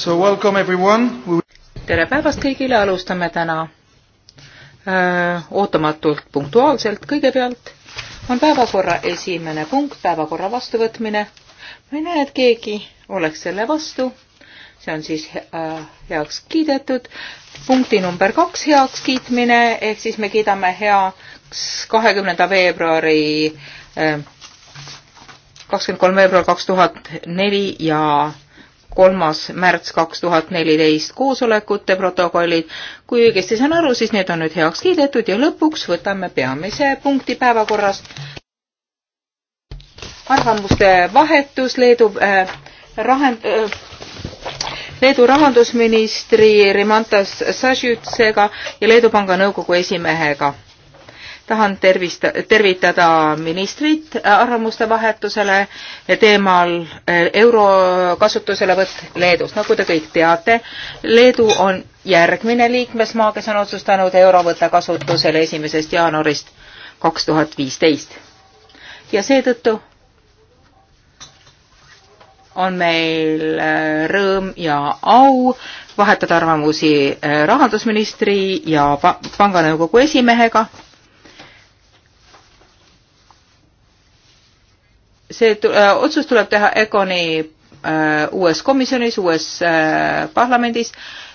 So welcome everyone. tere päevast kõigile, alustame täna öö, äh, ootamatult punktuaalselt. kõigepealt on päevakorra esimene punkt, päevakorra vastuvõtmine. ma ei näe, et keegi oleks selle vastu. see on siis öö, äh, heaks kiidetud. punkti number kaks heakskiitmine ehk siis me kiidame heaks kahekümnenda veebruari äh, kakskümmend kolm veebruar kaks tuhat neli ja kolmas märts kaks tuhat neliteist koosolekute protokollid. kui õigesti saan aru, siis need on nüüd heaks kiidetud ja lõpuks võtame peamise punkti päevakorrast. arvamuste vahetus Leedu äh, rahend- äh,, Leedu rahandusministri Rimantas Sažütsega ja Leedu Panga Nõukogu esimehega tahan tervist, tervitada ministrit arvamuste vahetusele teemal eh, euro kasutuselevõtt Leedus. nagu te kõik teate, Leedu on järgmine liikmesmaa, kes on otsustanud euro võtta kasutusele esimesest jaanuarist kaks tuhat viisteist. ja seetõttu on meil eh, rõõm ja au vahetada arvamusi eh, rahandusministri ja panganõukogu esimehega see äh, otsus tuleb teha EGONi äh, uues komisjonis, uues äh, parlamendis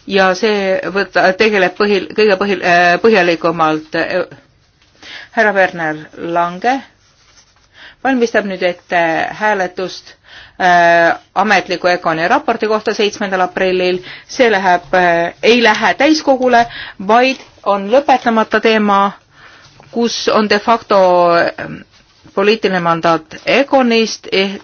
ja see võta, tegeleb põhil, kõige põhil, põhjalikumalt härra Werner Lange valmistab nüüd ette hääletust äh, ametliku EGONi raporti kohta seitsmendal aprillil. see läheb äh,, ei lähe täiskogule, vaid on lõpetamata teema, kus on de facto äh, poliitiline mandaat Egonist eh,,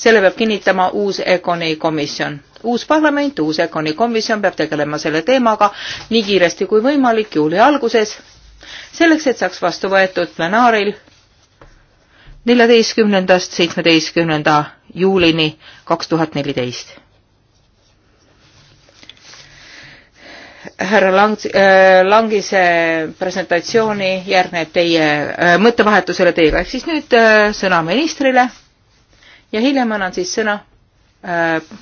selle peab kinnitama uus Egoni komisjon. uus parlament, uus Egoni komisjon peab tegelema selle teemaga nii kiiresti kui võimalik juuli alguses, selleks et saaks vastu võetud plenaaril neljateistkümnendast seitsmeteistkümnenda juulini kaks tuhat neliteist härra Lang-, äh, Langise presentatsiooni järgneb teie äh, mõttevahetusele teiega, ehk siis nüüd äh, sõna ministrile ja hiljem annan siis sõna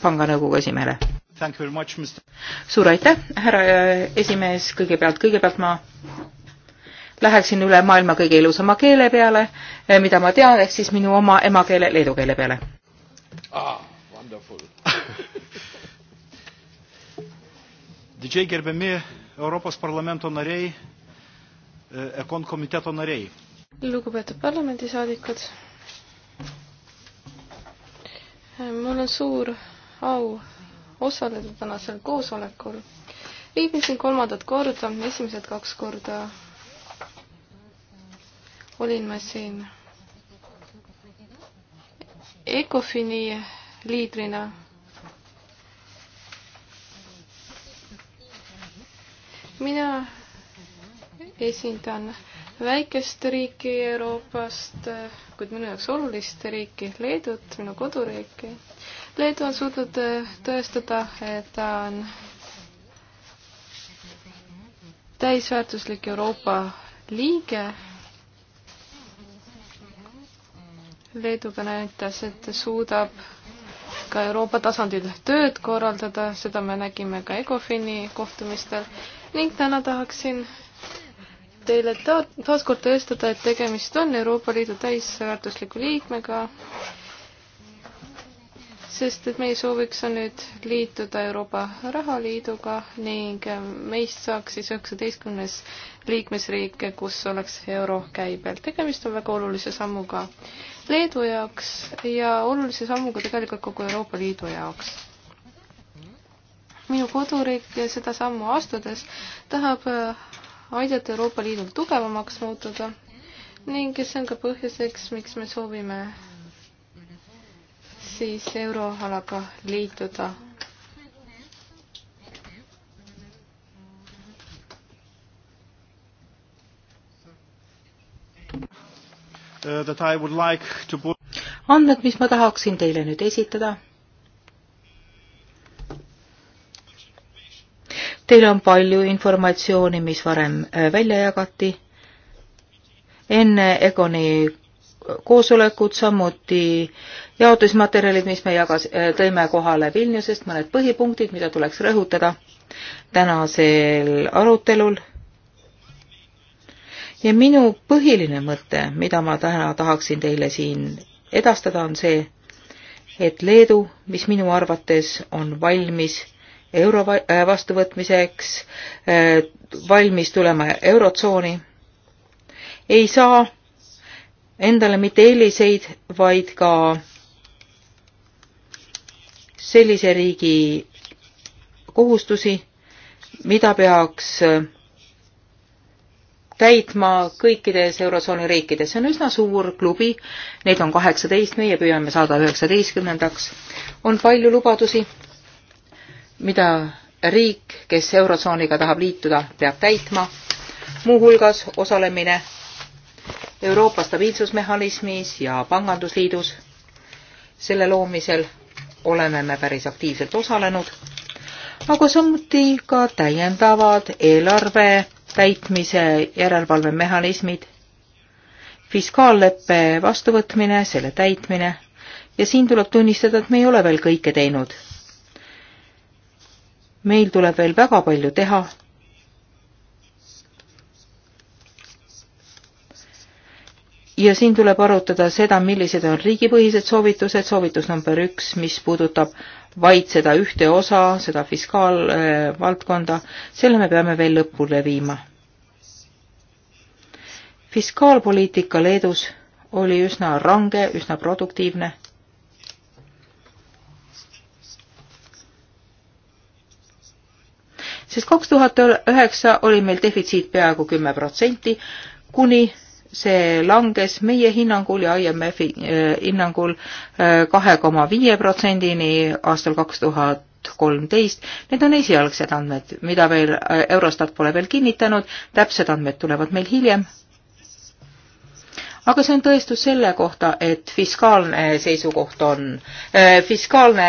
panga nõukogu esimehele. suur aitäh, härra esimees, kõigepealt, kõigepealt ma läheksin üle maailma kõige ilusama keele peale, mida ma tean, ehk siis minu oma emakeele leedu keele peale ah Didžiai gerbiami Europos parlamento nariai, e, Ekon komiteto nariai. lugupeetud parlamendisaadikud, mul on suur au osaleda tänasel koosolekul. viibisin kolmandat korda, esimesed kaks korda olin ma siin ECOFIN-i liidrina mina esindan väikest riiki Euroopast, kuid minu jaoks olulist riiki, Leedut, minu koduriiki. Leedu on suutnud tõestada, et ta on täisväärtuslik Euroopa liige. Leedu ka näitas, et ta suudab ka Euroopa tasandil tööd korraldada, seda me nägime ka ECOFIN-i kohtumistel ning täna tahaksin teile ta taaskord tõestada, et tegemist on Euroopa Liidu täisväärtusliku liikmega, sest et meie sooviks on nüüd liituda Euroopa Rahaliiduga ning meist saaks siis üheksateistkümnes liikmesriik, kus oleks euro käibel. tegemist on väga olulise sammuga Leedu jaoks ja olulise sammuga tegelikult kogu Euroopa Liidu jaoks minu koduriik seda sammu astudes tahab äh, aidata Euroopa Liidul tugevamaks muutuda ning see on ka põhjuseks, miks me soovime siis euroalaga liituda. Äh, andmed, mis ma tahaksin teile nüüd esitada Teil on palju informatsiooni, mis varem äh, välja jagati. enne Egoni koosolekut, samuti jaotusmaterjalid, mis me jagas, äh, tõime kohale Vilniusest, mõned põhipunktid, mida tuleks rõhutada tänasel arutelul. ja minu põhiline mõte, mida ma täna tahaksin teile siin edastada, on see, et Leedu, mis minu arvates on valmis euro äh, vastuvõtmiseks, äh, valmis tulema eurotsooni, ei saa endale mitte eeliseid, vaid ka sellise riigi kohustusi, mida peaks äh, täitma kõikides Eurotsooni riikides. see on üsna suur klubi, neid on kaheksateist, meie püüame saada üheksateistkümnendaks. on palju lubadusi, mida riik, kes Eurotsooniga tahab liituda, peab täitma, muuhulgas osalemine Euroopa stabiilsusmehhanismis ja Pangandusliidus. selle loomisel oleme me päris aktiivselt osalenud, aga samuti ka täiendavad eelarve täitmise järelevalvemehhanismid, fiskaalleppe vastuvõtmine, selle täitmine ja siin tuleb tunnistada, et me ei ole veel kõike teinud meil tuleb veel väga palju teha. ja siin tuleb arutada seda, millised on riigipõhised soovitused, soovitus number üks, mis puudutab vaid seda ühte osa, seda fiskaalvaldkonda äh,, selle me peame veel lõpule viima. fiskaalpoliitika Leedus oli üsna range, üsna produktiivne sest kaks tuhat üheksa oli meil defitsiit peaaegu kümme protsenti, kuni see langes meie hinnangul ja IMF-i äh, hinnangul äh, kahe koma viie protsendini aastal kaks tuhat kolmteist. Need on esialgsed andmed, mida veel äh, Eurostat pole veel kinnitanud, täpsed andmed tulevad meil hiljem aga see on tõestus selle kohta, et fiskaalne seisukoht on, äh, fiskaalne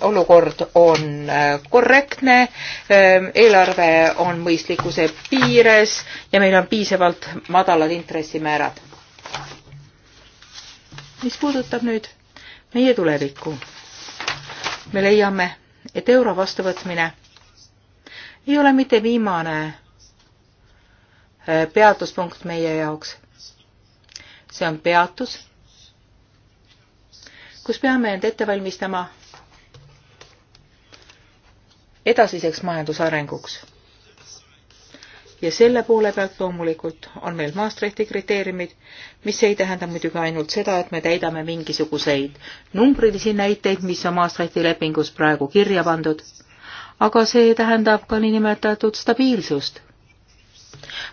olukord on äh, korrektne, äh, eelarve on mõistlikkuse piires ja meil on piisavalt madalad intressimäärad. mis puudutab nüüd meie tulevikku, me leiame, et euro vastuvõtmine ei ole mitte viimane peatuspunkt meie jaoks see on peatus, kus peame end ette valmistama edasiseks majandusarenguks. ja selle poole pealt loomulikult on meil Maastrichti kriteeriumid, mis ei tähenda muidugi ainult seda, et me täidame mingisuguseid numbrilisi näiteid, mis on Maastrichti lepingus praegu kirja pandud, aga see tähendab ka niinimetatud stabiilsust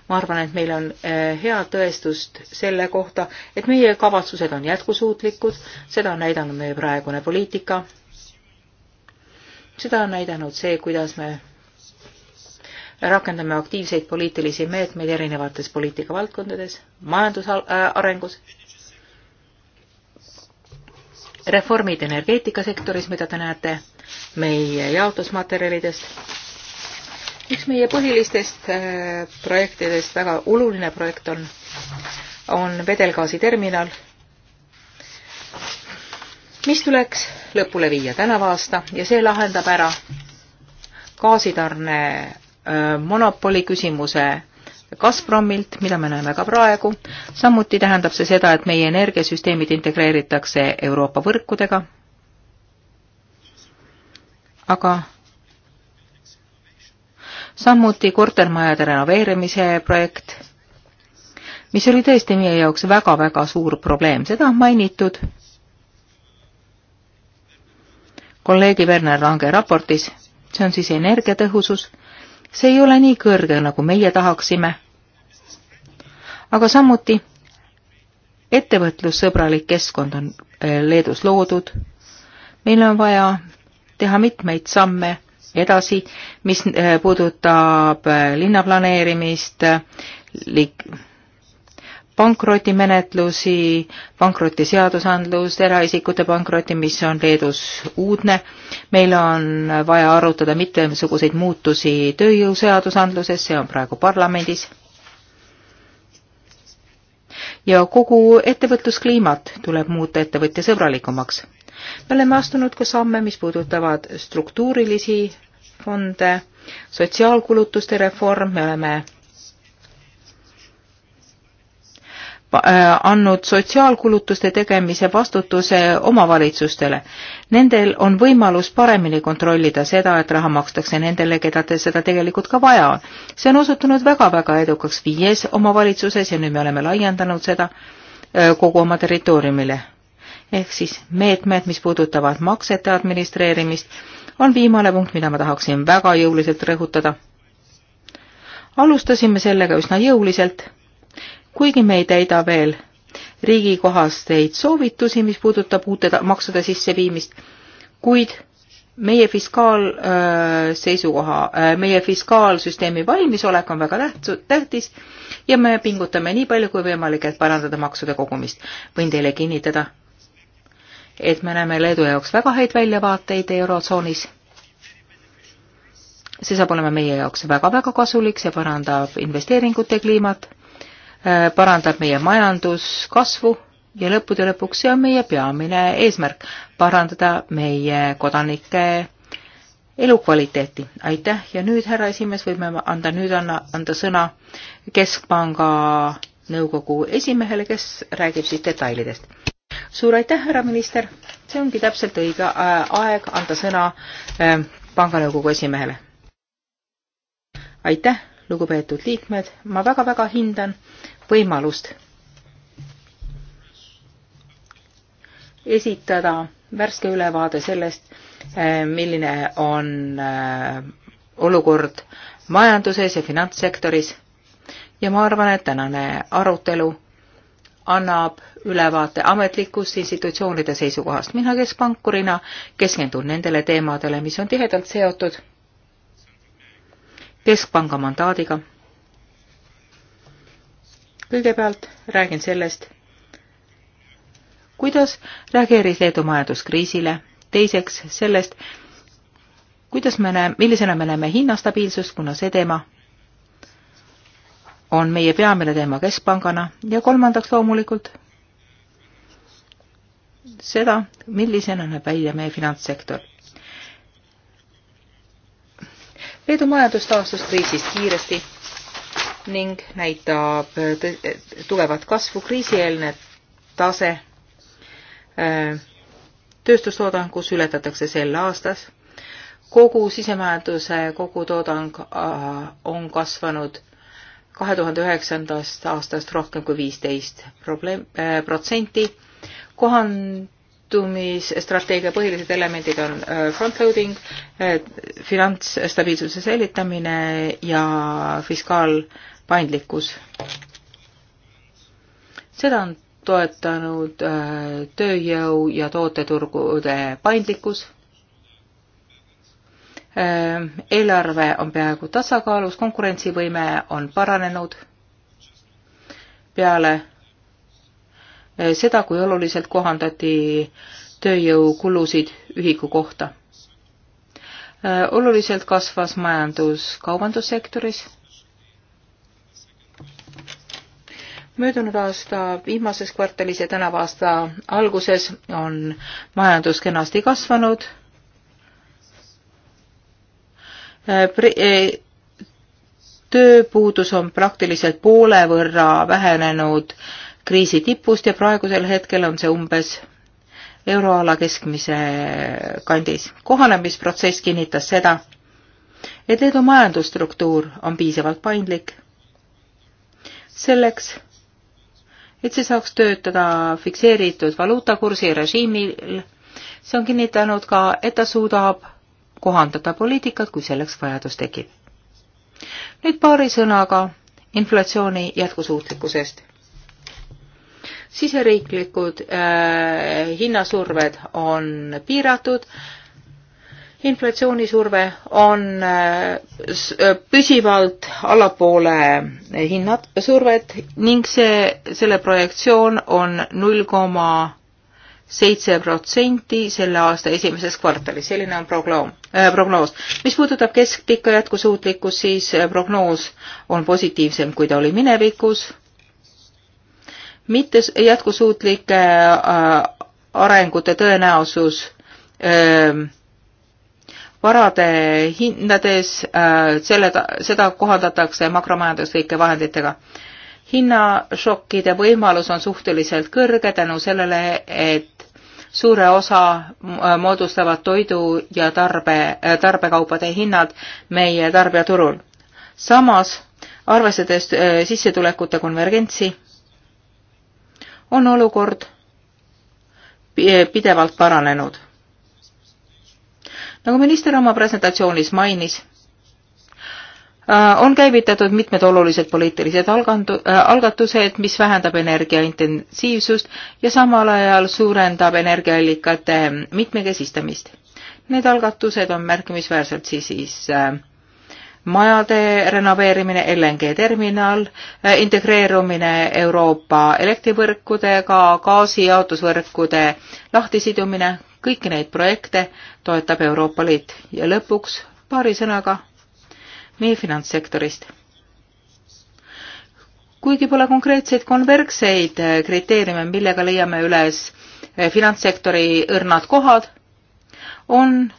ma arvan, et meil on äh, hea tõestust selle kohta, et meie kavatsused on jätkusuutlikud, seda on näidanud meie praegune poliitika, seda on näidanud see, kuidas me rakendame aktiivseid poliitilisi meetmeid erinevates poliitikavaldkondades, majandusarengus, reformid energeetikasektoris, mida te näete meie jaotusmaterjalidest üks meie põhilistest äh, projektidest, väga oluline projekt on, on vedelgaasiterminal, mis tuleks lõpule viia tänavu aasta ja see lahendab ära gaasitarne äh, monopoli küsimuse Gazpromilt, mida me näeme ka praegu. samuti tähendab see seda, et meie energiasüsteemid integreeritakse Euroopa võrkudega. aga samuti kortermajade renoveerimise projekt, mis oli tõesti meie jaoks väga-väga suur probleem, seda on mainitud kolleegi Werner Lange raportis, see on siis energiatõhusus, see ei ole nii kõrge, nagu meie tahaksime, aga samuti ettevõtlussõbralik keskkond on eh, Leedus loodud, meil on vaja teha mitmeid samme edasi, mis äh, puudutab äh, linnaplaneerimist, liik-, pankrotimenetlusi, pankrotiseadusandlust, eraisikute pankrotti, mis on Leedus uudne. meil on vaja arutada mitmesuguseid muutusi tööjõuseadusandluses, see on praegu parlamendis. ja kogu ettevõtluskliimat tuleb muuta ettevõtjasõbralikumaks me oleme astunud ka samme, mis puudutavad struktuurilisi fonde, sotsiaalkulutuste reform, me oleme äh, andnud sotsiaalkulutuste tegemise vastutuse omavalitsustele. Nendel on võimalus paremini kontrollida seda, et raha makstakse nendele, keda te seda tegelikult ka vaja on. see on osutunud väga-väga edukaks viies omavalitsuses ja nüüd me oleme laiendanud seda äh, kogu oma territooriumile ehk siis meetmed, mis puudutavad maksete administreerimist, on viimane punkt, mida ma tahaksin väga jõuliselt rõhutada. alustasime sellega üsna jõuliselt, kuigi me ei täida veel riigikohasteid soovitusi, mis puudutab uute maksude sisseviimist, kuid meie fiskaalseisukoha, äh, äh, meie fiskaalsüsteemi valmisolek on väga tähtsu, tähtis ja me pingutame nii palju kui võimalik, et parandada maksude kogumist. võin teile kinnitada, et me näeme Leedu jaoks väga häid väljavaateid Eurotsoonis. see saab olema meie jaoks väga-väga kasulik, see parandab investeeringute kliimat, äh, parandab meie majanduskasvu ja lõppude lõpuks see on meie peamine eesmärk, parandada meie kodanike elukvaliteeti. aitäh ja nüüd, härra esimees, võime anda, nüüd anna, anda sõna Keskpanga nõukogu esimehele, kes räägib siis detailidest suur aitäh, härra minister, see ongi täpselt õige äh, aeg anda sõna äh, panganõukogu esimehele. aitäh, lugupeetud liikmed, ma väga-väga hindan võimalust esitada värske ülevaade sellest, äh, milline on olukord majanduses ja finantssektoris ja ma arvan, et tänane arutelu annab ülevaate ametlikust institutsioonide seisukohast. mina keskpankurina keskendun nendele teemadele, mis on tihedalt seotud keskpanga mandaadiga. kõigepealt räägin sellest, kuidas reageeris Leedu majanduskriisile, teiseks sellest, kuidas me näeme, millisena me näeme hinnastabiilsust, kuna see teema on meie peamine teema keskpangana ja kolmandaks loomulikult seda, millisena näeb välja meie finantssektor. Leedu majandus taastus kriisist kiiresti ning näitab tugevat kasvu, kriisieelne tase äh, tööstustoodangus ületatakse sel aastas. kogu sisemajanduse kogutoodang äh, on kasvanud kahe tuhande üheksandast aastast rohkem kui viisteist probleem, äh, protsenti kohandumisstrateegia põhilised elemendid on äh, front-loading, äh, finantsstabiilsuse säilitamine ja fiskaalpaindlikkus. seda on toetanud äh, tööjõu ja tooteturgude paindlikkus eelarve on peaaegu tasakaalus, konkurentsivõime on paranenud peale Äh, seda, kui oluliselt kohandati tööjõukulusid ühiku kohta. Äh, oluliselt kasvas majandus kaubandussektoris. möödunud aasta viimases kvartalis ja tänava aasta alguses on majandus kenasti kasvanud äh, tööpuudus on praktiliselt poole võrra vähenenud kriisi tipust ja praegusel hetkel on see umbes euroala keskmise kandis. kohanemisprotsess kinnitas seda, et Leedu majandusstruktuur on piisavalt paindlik selleks, et see saaks töötada fikseeritud valuutakursi režiimil. see on kinnitanud ka, et ta suudab kohandada poliitikat, kui selleks vajadus tekib. nüüd paari sõnaga inflatsiooni jätkusuutlikkusest siseriiklikud äh, hinnasurved on piiratud, inflatsioonisurve on äh, äh püsivalt allapoole hinnad, survet ning see, selle projektsioon on null koma seitse protsenti selle aasta esimeses kvartalis, selline on progloom, äh, prognoos. mis puudutab keskpikka jätkusuutlikkust, siis prognoos on positiivsem, kui ta oli minevikus mitte jätkusuutlike äh, arengute tõenäosus ähm, varade hindades, äh, selle, seda kohaldatakse makromajanduslike vahenditega. hinnašokkide võimalus on suhteliselt kõrge tänu sellele, et suure osa äh, moodustavad toidu ja tarbe, tarbekaupade hinnad meie tarbijaturul. samas, arvestades sissetulekute konvergentsi, on olukord pidevalt paranenud. nagu minister oma presentatsioonis mainis, äh, on käivitatud mitmed olulised poliitilised äh, algatused, mis vähendab energiaintensiivsust ja samal ajal suurendab energiaallikate mitmekesistamist. Need algatused on märkimisväärselt siis, siis äh, majade renoveerimine, LNG terminal, äh, integreerumine Euroopa elektrivõrkudega, gaasijaotusvõrkude lahtisidumine, kõiki neid projekte toetab Euroopa Liit ja lõpuks paari sõnaga meie finantssektorist. kuigi pole konkreetseid konvergseid äh, kriteeriume, millega leiame üles äh, finantssektori õrnad kohad, on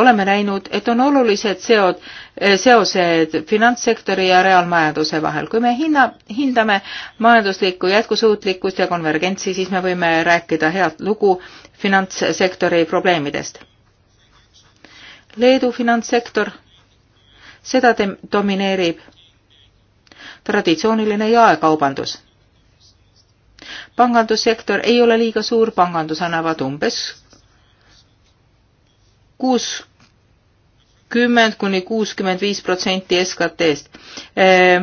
oleme näinud, et on olulised seod, eh, seosed finantssektori ja reaalmajanduse vahel. kui me hinna, hindame majanduslikku jätkusuutlikkust ja konvergentsi, siis me võime rääkida head lugu finantssektori probleemidest. Leedu finantssektor, seda te-, domineerib traditsiooniline jaekaubandus pangandussektor ei ole liiga suur, pangandus annavad umbes kuus kakskümmend kuni kuuskümmend viis protsenti SKT-st. Ehm,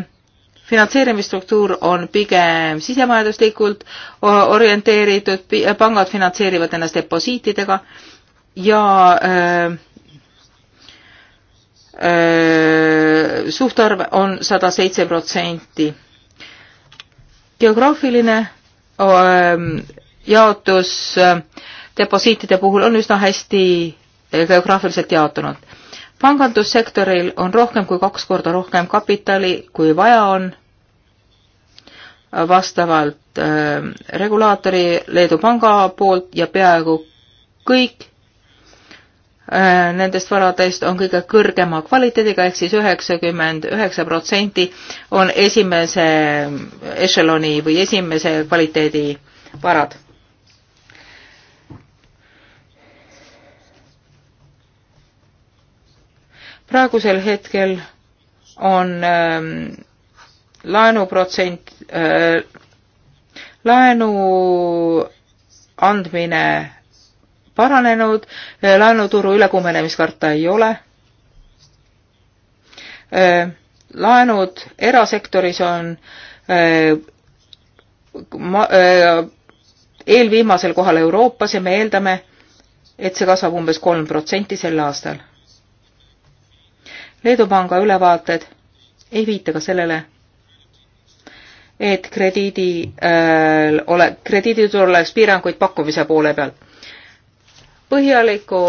finantseerimisstruktuur on pigem sisemajanduslikult orienteeritud, pangad finantseerivad ennast deposiitidega ja öö, ehm, öö, ehm, suhtarv on sada seitse protsenti. geograafiline öö, jaotus deposiitide puhul on üsna hästi eh, geograafiliselt jaotunud pangandussektoril on rohkem kui kaks korda rohkem kapitali, kui vaja on, vastavalt äh, regulaatori Leedu panga poolt ja peaaegu kõik äh, nendest varadest on kõige kõrgema kvaliteediga ehk siis üheksakümmend üheksa protsenti on esimese ešeloni või esimese kvaliteedi varad praegusel hetkel on ähm, laenuprotsent äh,, laenu andmine paranenud, äh, laenuturu ülekuumenemiskarta ei ole äh,. laenud erasektoris on äh, ma, äh, eelviimasel kohal Euroopas ja me eeldame, et see kasvab umbes kolm protsenti sel aastal Leedu Panga ülevaated ei viita ka sellele, et krediidi äh,, ole, krediiditurul oleks piiranguid pakkumise poole peal. põhjaliku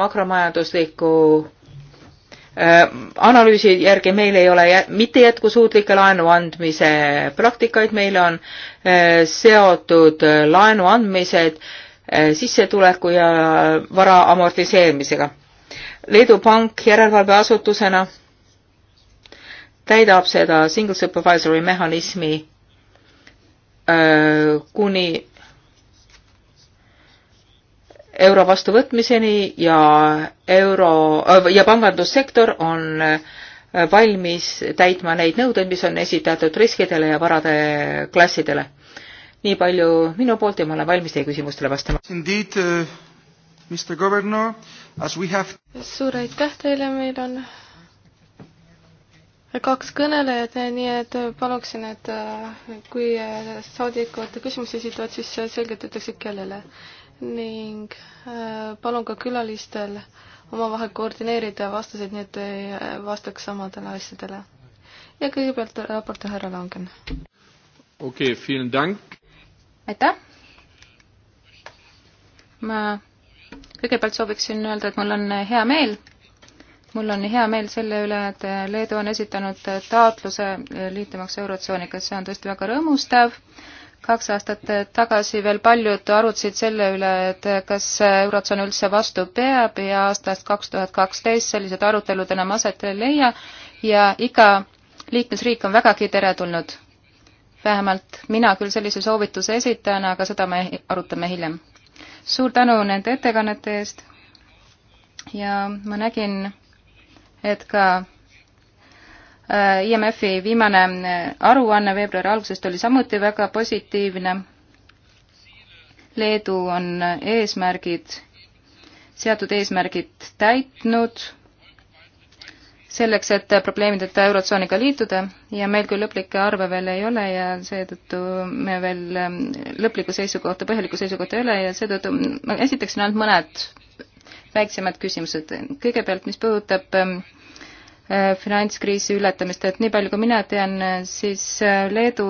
makromajandusliku äh, analüüsi järgi meil ei ole jä, mitte jätkusuutlikke laenu andmise praktikaid, meil on äh, seotud äh, laenu andmised äh, sissetuleku ja vara amortiseerimisega Leedu pank järelevalveasutusena täidab seda single supervisory mehhanismi kuni euro vastuvõtmiseni ja euro ja pangandussektor on valmis täitma neid nõudeid, mis on esitatud riskidele ja varade klassidele. nii palju minu poolt ja ma olen valmis teie küsimustele vastama. Indeed uh,, äh, Mr Governor Have... suur aitäh teile, meil on kaks kõnelejat, nii et paluksin, et kui äh, saadikud küsimusi esitavad, siis selgelt ütleksid, kellele. ning äh, palun ka külalistel omavahel koordineerida vastuseid, nii et ei äh, vastaks samadele asjadele. ja kõigepealt raporti härra Langen. okei okay,, vielen dank. aitäh. ma kõigepealt sooviksin öelda, et mul on hea meel, mul on hea meel selle üle, et Leedu on esitanud taotluse liitumaks Eurotsooniga, see on tõesti väga rõõmustav. kaks aastat tagasi veel paljud arutasid selle üle, et kas Eurotsoon üldse vastu peab ja aastast kaks tuhat kaksteist sellised arutelud enam aset ei leia ja iga liikmesriik on vägagi teretulnud. vähemalt mina küll sellise soovituse esitan, aga seda me arutame hiljem suur tänu nende ettekannete eest ja ma nägin, et ka äh, IMF-i viimane äh, aruanne veebruari algusest oli samuti väga positiivne. Leedu on äh, eesmärgid, seatud eesmärgid täitnud selleks, et probleemideta Eurotsooniga liituda ja meil küll lõplikke arve veel ei ole ja seetõttu me veel ähm, lõplikku seisukohta, põhjalikku seisukohta ei ole ja seetõttu ma esitaksin ainult mõned väiksemad küsimused. kõigepealt, mis puudutab ähm, äh, finantskriisi ületamist, et nii palju kui mina tean, siis äh, Leedu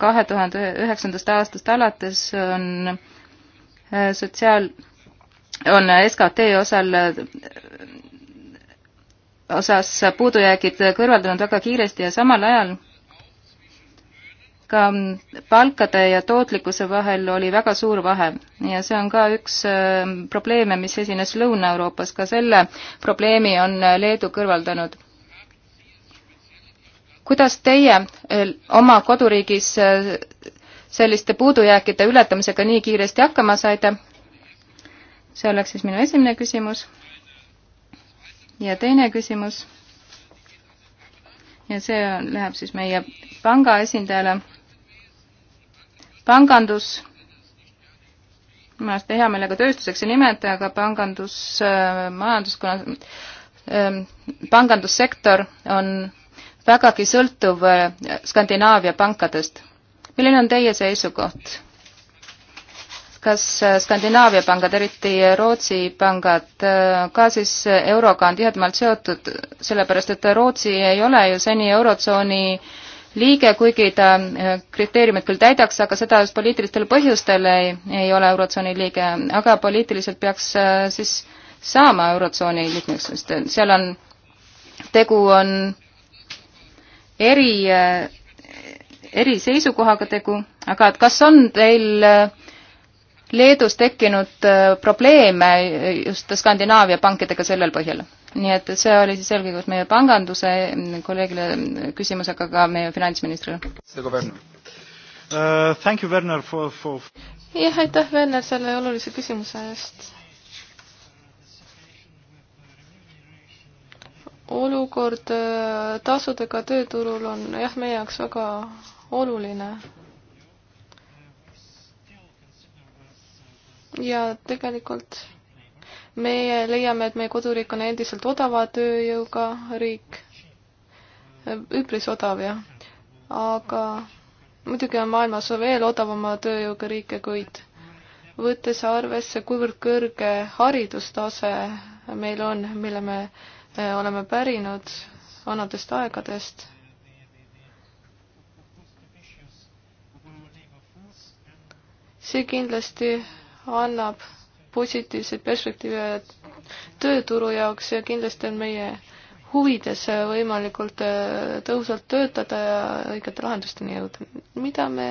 kahe tuhande üheksandast aastast alates on äh, sotsiaal, on SKT osal osas puudujäägid kõrvaldunud väga kiiresti ja samal ajal ka palkade ja tootlikkuse vahel oli väga suur vahe ja see on ka üks äh, probleeme, mis esines Lõuna-Euroopas, ka selle probleemi on äh, Leedu kõrvaldanud. kuidas teie äh, oma koduriigis selliste puudujääkide ületamisega nii kiiresti hakkama saite? see oleks siis minu esimene küsimus ja teine küsimus, ja see läheb siis meie panga esindajale, pangandus, ma seda hea meelega tööstuseks ei nimeta, aga pangandus, äh, majandus, kuna ähm, pangandussektor on vägagi sõltuv äh, Skandinaavia pankadest. milline on teie seisukoht? kas äh, Skandinaavia pangad, eriti äh, Rootsi pangad, äh, ka siis euroga on tihedamalt seotud, sellepärast et Rootsi ei ole ju seni Eurotsooni liige, kuigi ta kriteeriumid küll täidaks, aga seda just poliitilistel põhjustel ei, ei ole Eurotsooni liige, aga poliitiliselt peaks siis saama Eurotsooni liikmeks, sest seal on, tegu on eri, eri seisukohaga tegu, aga et kas on teil äh, Leedus tekkinud äh, probleeme just Skandinaavia pankadega sellel põhjal. nii et see oli siis eelkõige meie panganduse mm, kolleegile mm, küsimus, aga ka meie finantsministrile. Uh, thank you, Werner, for, for... jah, aitäh, Werner, selle olulise küsimuse eest. olukord äh, tasudega tööturul on jah, meie jaoks väga oluline ja tegelikult meie leiame, et meie koduriik on endiselt odava tööjõuga riik, üpris odav jah, aga muidugi on maailmas veel odavama tööjõuga riike, kuid võttes arvesse, kuivõrd kõrge haridustase meil on, mille me eh, oleme pärinud vanadest aegadest, see kindlasti annab positiivseid perspektiive tööturu jaoks ja kindlasti on meie huvides võimalikult äh, tõhusalt töötada ja õigete lahendusteni jõuda. mida me,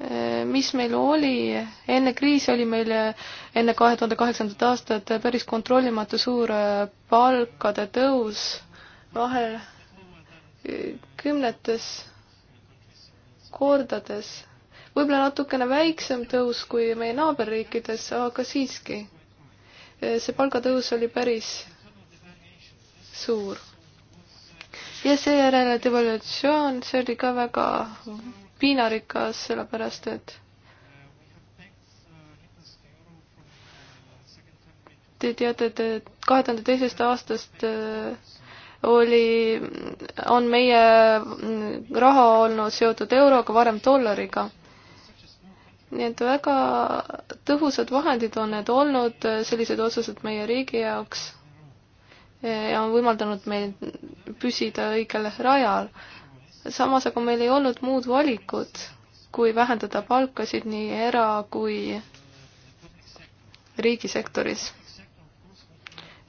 äh, mis meil oli, enne kriisi oli meil äh, enne kahe tuhande kaheksandat aastat päris kontrollimatu suur palkade tõus, vahel kümnetes kordades võib-olla natukene väiksem tõus kui meie naaberriikides, aga siiski. see palgatõus oli päris suur. ja seejärel devolutsioon, see oli ka väga piinarikas, sellepärast et Te teate, et kahe tuhande teisest aastast äh, oli, on meie mm, raha olnud seotud euroga, varem dollariga nii et väga tõhusad vahendid on need olnud, äh, sellised otsused meie riigi jaoks äh, ja on võimaldanud meil püsida õigel rajal. samas aga meil ei olnud muud valikut, kui vähendada palkasid nii era- kui riigisektoris.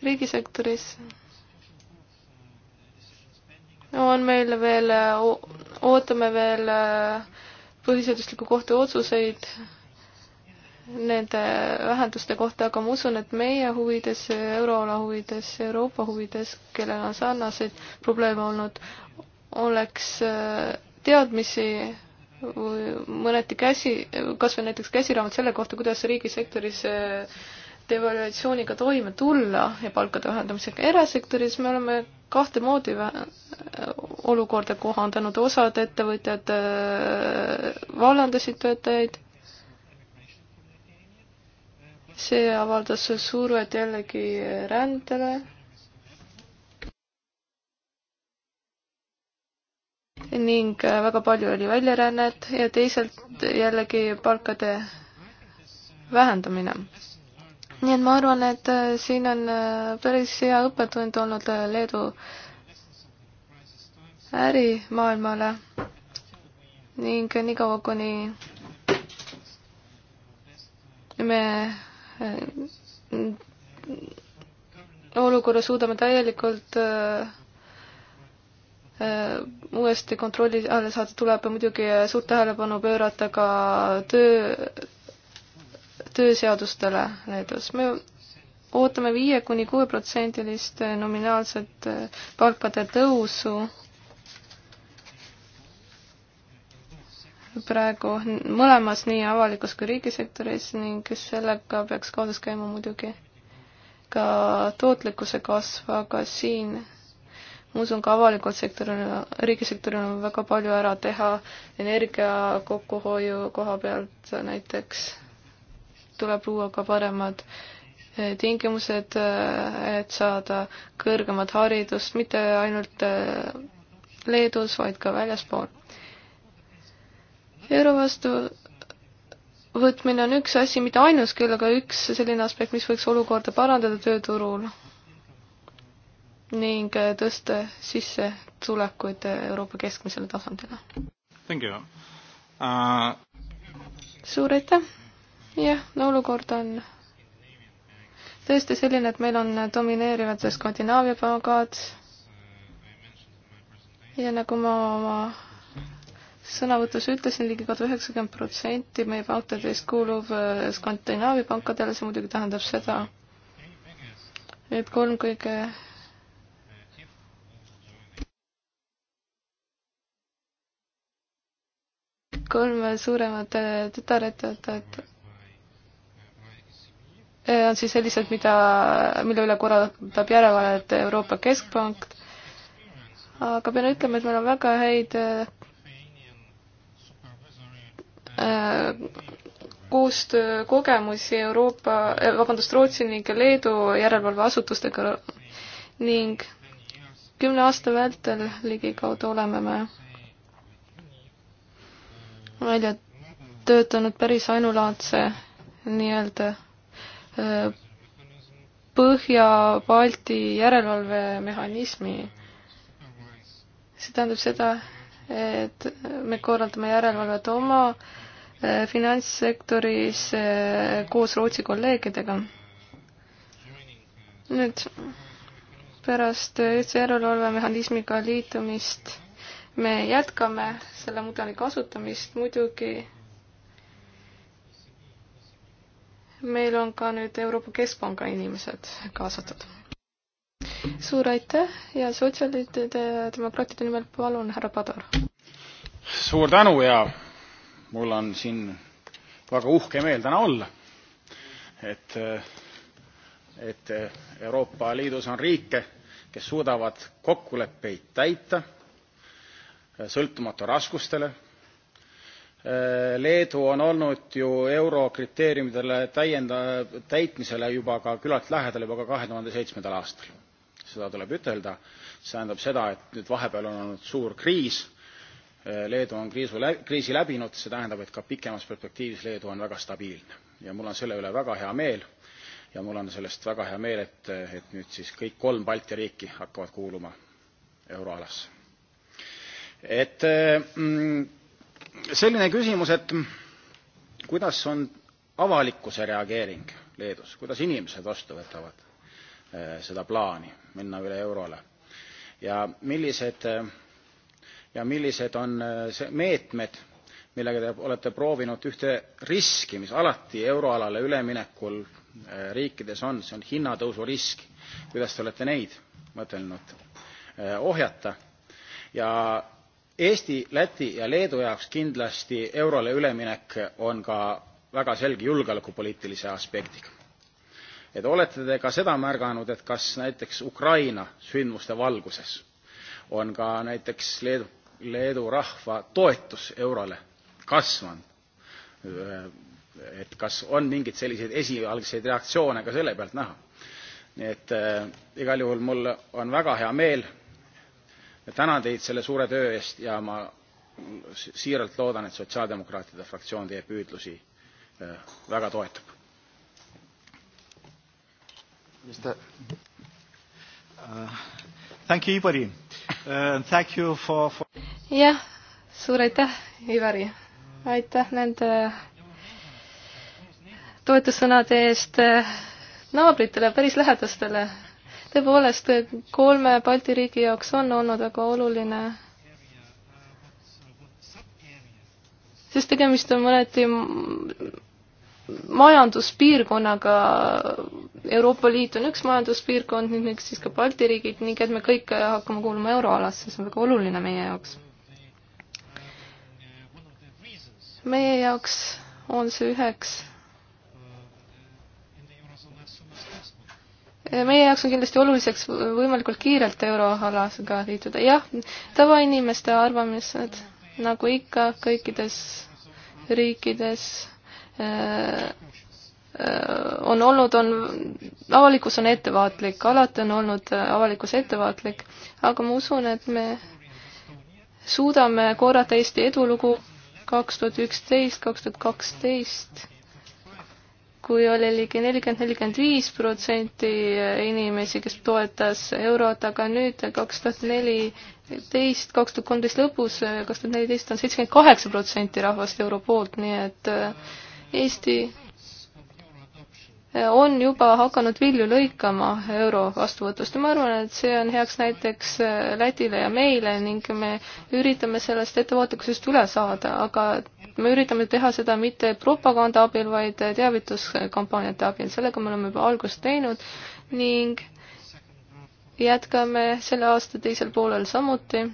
riigisektoris on meil veel, ootame veel äh, põhiseadusliku kohtu otsuseid nende vähenduste kohta, aga ma usun, et meie huvides, euroala huvides, Euroopa huvides, kellel on sarnaseid probleeme olnud, oleks äh, teadmisi või mõneti käsi, kas või näiteks käsiraamat selle kohta, kuidas riigisektoris äh, devaluatsiooniga toime tulla ja palkade vähendamisega. erasektoris me oleme kahte moodi olukorda kohandanud, osad ettevõtjad äh, vallandasid töötajaid, see avaldas survet jällegi rändele ning äh, väga palju oli väljarännet ja teisalt jällegi palkade vähendamine nii et ma arvan, et äh, siin on äh, päris hea õppetund olnud äh, Leedu ärimaailmale ning niikaua, kuni me olukorra suudame täielikult uuesti kontrolli alla saada, tuleb muidugi suurt tähelepanu pöörata ka töö tööseadustele Leedus. me ootame viie kuni kuue protsendilist äh, nominaalset äh, palkade tõusu praegu mõlemas, nii avalikus kui riigisektoris ning sellega peaks kaasas käima muidugi ka tootlikkuse kasv, aga siin ma usun ka avalikul sektoril, riigisektoril on väga palju ära teha energia kokkuhoiu koha pealt näiteks tuleb luua ka paremad eh, tingimused, eh, et saada kõrgemat haridust mitte ainult eh, Leedus, vaid ka väljaspool. euro vastu võtmine on üks asi, mitte ainus küll, aga üks selline aspekt, mis võiks olukorda parandada tööturul ning tõsta sissetulekuid Euroopa keskmisele tasandile. Uh... suur aitäh! jah, olukord on tõesti selline, et meil on domineerivad Skandinaavia pangad ja nagu ma oma sõnavõtus ütlesin ligi, ligikaudu üheksakümmend protsenti meie pankadest kuulub äh, Skandinaavia pankadele, see muidugi tähendab seda, et kolm kõige kolm suuremat äh, tütarettevõtet Äh, on siis sellised, mida, mille üle korraldab järelevalvet Euroopa Keskpank. aga pean ütlema, et meil on väga häid äh, äh, koostöökogemusi Euroopa, vabandust, Rootsi ning Leedu järelevalveasutustega ning kümne aasta vältel ligikaudu oleme me välja töötanud päris ainulaadse nii-öelda Põhja-Balti järelevalvemehhanismi. see tähendab seda, et me korraldame järelevalvet oma eh, finantssektoris eh, koos Rootsi kolleegidega. nüüd pärast ühtse järelevalvemehhanismiga liitumist me jätkame selle mudeli kasutamist, muidugi meil on ka nüüd Euroopa Keskpanga inimesed kaasatud. suur aitäh ja sotsialistide demokraatide nimel palun, härra Padar. suur tänu ja mul on siin väga uhke meel täna olla. et, et Euroopa Liidus on riike, kes suudavad kokkuleppeid täita sõltumata raskustele Äh, leedu on olnud ju euro kriteeriumidele täitmisele juba ka küllalt lähedal juba ka 2007. aastal seda tuleb ütelda see tähendab seda et nüüd vahepeal on olnud suur kriis äh, leedu on kriisi läbinud see tähendab et ka pikemas perspektiivis leedu on väga stabiilne ja mul on selle üle väga hea meel ja mul on sellest väga hea meel et et nüüd siis kõik kolm balti riiki hakkavad kuuluma euroalasse et äh, mm, selline küsimus et kuidas on avalikkuse reageering leedus kuidas inimesed vastu võtavad eh, seda plaani minna üle eurole ja millised eh, ja millised on eh, meetmed millega te olete proovinud ühte riski mis alati euroalale üleminekul riikides on see on hinnatõusu risk kuidas te olete neid mõtelnud ohjata ja eesti läti ja leedu jaoks kindlasti eurole üleminek on ka väga selge julgeolekupoliitilise aspektiga et olete te ka seda märganud et kas näiteks ukraina sündmuste valguses on ka näiteks leedu leedu rahva toetus eurole kasvanud et kas on mingeid selliseid esialgseid reaktsioone ka selle pealt näha nii et äh, igal juhul mul on väga hea meel tänan teid selle suure töö eest ja ma siiralt loodan et sotsiaaldemokraatide fraktsioon teie püüdlusi äh, väga toetab. Äh, äh, jah suur aitäh ivari aitäh nende toetussõnade eest naabritele päris lähedastele tõepoolest, kolme Balti riigi jaoks on olnud väga oluline, sest tegemist on mõneti majanduspiirkonnaga, Euroopa Liit on üks majanduspiirkond, nüüd miks siis ka Balti riigid, ning et me kõik hakkame kuuluma euroalasse, see on väga oluline meie jaoks. meie jaoks on see üheks meie jaoks on kindlasti oluliseks võimalikult kiirelt euroalaga liituda. jah, tavainimeste arvamused, nagu ikka kõikides riikides äh, äh on olnud, on, avalikkus on ettevaatlik, alati on olnud äh, avalikkus ettevaatlik, aga ma usun, et me suudame korrata Eesti edulugu kaks tuhat üksteist, kaks tuhat kaksteist kui oli ligi nelikümmend, nelikümmend viis protsenti inimesi, kes toetas eurot, aga nüüd kaks tuhat neliteist, kaks tuhat kolmteist lõpus, kaks tuhat neliteist on seitsekümmend kaheksa protsenti rahvast euro poolt, nii et äh, Eesti on juba hakanud vilju lõikama euro vastuvõtust ja ma arvan, et see on heaks näiteks äh, Lätile ja meile ning me üritame sellest ettevaatlikusest üle saada, aga me üritame teha seda mitte propaganda abil, vaid teavituskampaaniate abil, sellega me oleme juba algust teinud ning jätkame selle aasta teisel poolel samuti.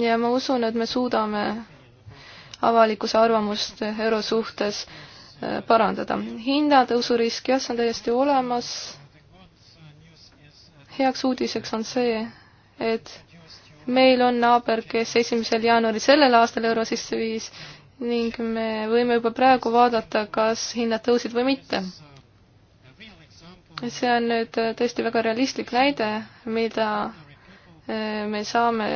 ja ma usun, et me suudame avalikkuse arvamust euro suhtes äh, parandada. hinnatõusurisk, jah, see on täiesti olemas. heaks uudiseks on see, et meil on naaber, kes esimesel jaanuaril sellel aastal euro sisse viis ning me võime juba praegu vaadata, kas hinnad tõusid või mitte. see on nüüd tõesti väga realistlik näide, mida eh, me saame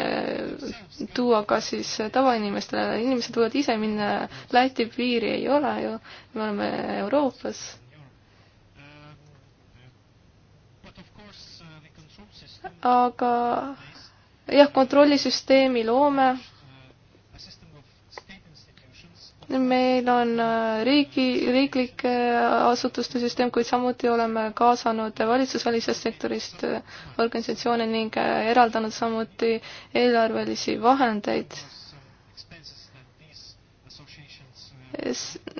tuua ka siis tavainimestele, inimesed võivad ise minna, Läti piiri ei ole ju, me oleme Euroopas aga jah, kontrollisüsteemi loome. meil on äh, riigi, riiklike äh, asutuste süsteem, kuid samuti oleme kaasanud valitsusvälisest sektorist äh, organisatsioone ning eraldanud samuti eelarvelisi vahendeid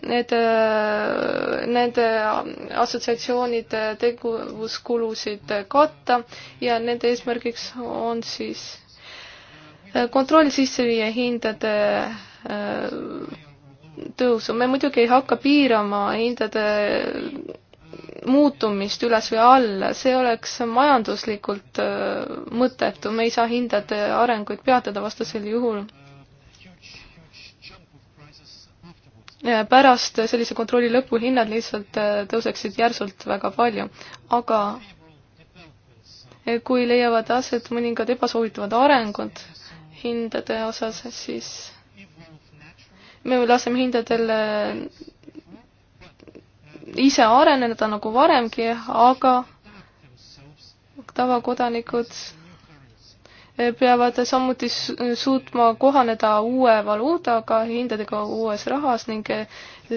need, äh, nende äh, assotsiatsioonide tegevuskulusid katta ja nende eesmärgiks on siis äh, kontrolli sisse viia hindade tõusu. me muidugi ei hakka piirama hindade muutumist üles või alla, see oleks majanduslikult mõttetu, me ei saa hindade arenguid peatada vastasel juhul pärast sellise kontrolli lõppu hinnad lihtsalt äh, tõuseksid järsult väga palju, aga kui leiavad aset mõningad ebasoovitavad arengud hindade osas, siis me laseme hindadel äh, ise areneda nagu varemgi, aga tavakodanikud peavad samuti suutma kohaneda uue valuutaga, hindadega uues rahas ning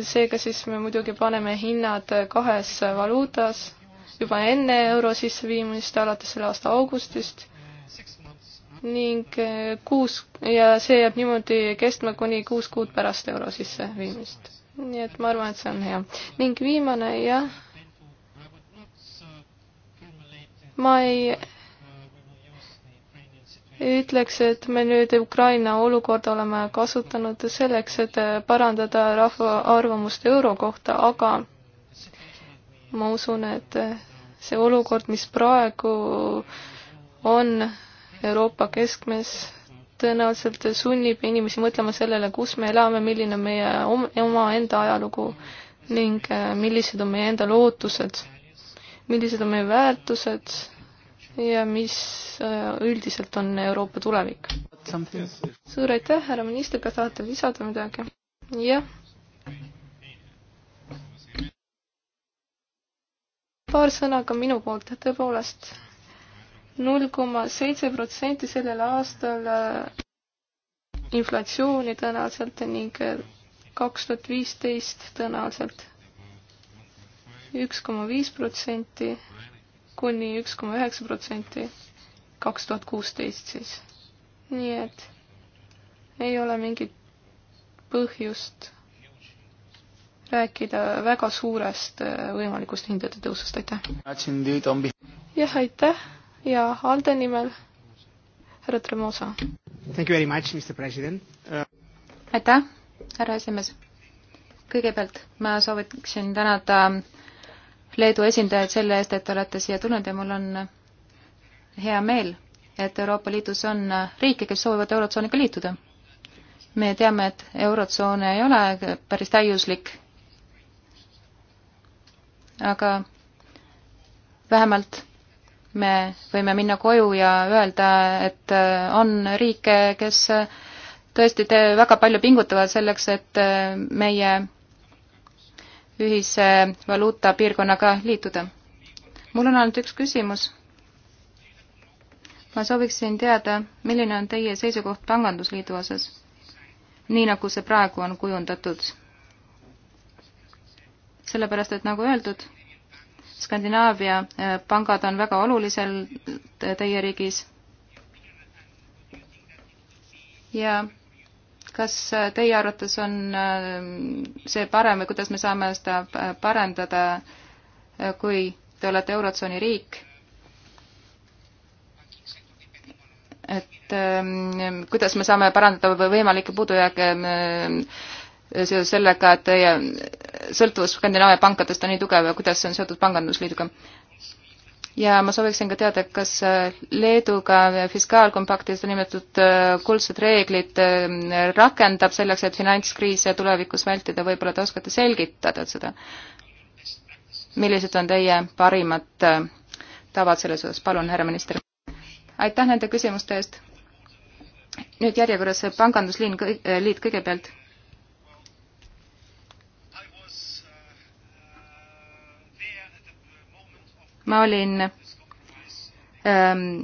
seega siis me muidugi paneme hinnad kahes valuutas juba enne euro sisseviimist, alates selle aasta augustist ning kuus ja see jääb niimoodi kestma kuni kuus kuud pärast euro sisseviimist. nii et ma arvan, et see on hea. ning viimane jah, ma ei ütleks, et me nüüd Ukraina olukorda oleme kasutanud selleks, et parandada rahva arvamust euro kohta, aga ma usun, et see olukord, mis praegu on Euroopa keskmes, tõenäoliselt sunnib inimesi mõtlema sellele, kus me elame, milline on meie omaenda ajalugu ning millised on meie enda lootused, millised on meie väärtused ja mis äh, üldiselt on Euroopa tulevik. suur aitäh, härra minister, kas tahate lisada midagi? jah. paar sõna ka minu poolt, tõepoolest null koma seitse protsenti sellel aastal äh, inflatsiooni tõenäoliselt ning äh, kaks tuhat viisteist tõenäoliselt üks koma viis protsenti kuni üks koma üheksa protsenti kaks tuhat kuusteist siis. nii et ei ole mingit põhjust rääkida väga suurest äh, võimalikust hindade tõusust, aitäh. jah, aitäh ja Alde nimel härra Tremosa. aitäh, härra esimees. kõigepealt ma sooviksin tänada Leedu esindajaid selle eest, et te olete siia tulnud ja mul on hea meel, et Euroopa Liidus on riike, kes soovivad Eurotsooniga liituda. me teame, et Eurotsoon ei ole päris täiuslik, aga vähemalt me võime minna koju ja öelda, et on riike, kes tõesti te väga palju pingutavad selleks, et meie ühise valuutapiirkonnaga liituda. mul on ainult üks küsimus. ma sooviksin teada, milline on teie seisukoht Pangandusliidu osas, nii nagu see praegu on kujundatud? sellepärast, et nagu öeldud, Skandinaavia äh, pangad on väga olulisel äh, teie riigis ja kas äh, teie arvates on äh, see parem või kuidas me saame seda äh, parendada, kui te olete Eurotsooni riik? et ähm, kuidas me saame parandada võimalikke puudujääke ähm, seoses sellega, et teie sõltuvus Skandinaavia pankadest on nii tugev ja kuidas see on seotud pangandusliiduga? ja ma sooviksin ka teada, kas äh, Leeduga fiskaalkompakti seda nimetatud äh, kuldsed reeglid äh, rakendab selleks, et finantskriise tulevikus vältida, võib-olla te oskate selgitada seda? millised on teie parimad tavad selles osas, palun, härra minister? aitäh nende küsimuste eest! nüüd järjekorras Pangandusliin, liit kõigepealt ma olin ähm,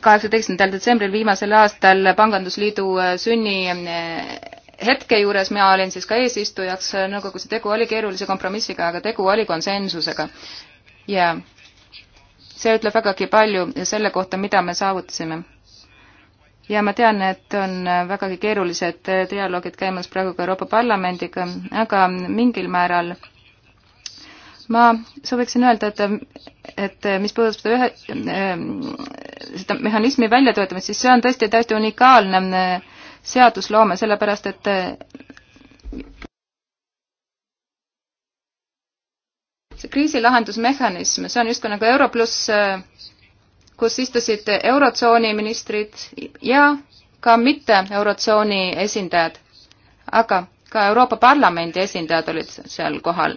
kaheksateistkümnendal detsembril viimasel aastal Pangandusliidu äh, sünni äh, hetke juures mina olin siis ka eesistujaks nõukogus ja tegu oli keerulise kompromissiga, aga tegu oli konsensusega. ja see ütleb vägagi palju selle kohta, mida me saavutasime. ja ma tean, et on vägagi keerulised äh, dialoogid käimas praegu ka Euroopa Parlamendiga, aga mingil määral äh, ma sooviksin öelda, et, et mis puudutab seda ühe, eh, seda mehhanismi väljatöötamist, siis see on tõesti täiesti unikaalne eh, seadusloome, sellepärast et eh, see kriisilahendusmehhanism, see on justkui nagu Euro pluss, kus istusid Eurotsooni ministrid ja ka mitte Eurotsooni esindajad, aga ka Euroopa Parlamendi esindajad olid seal kohal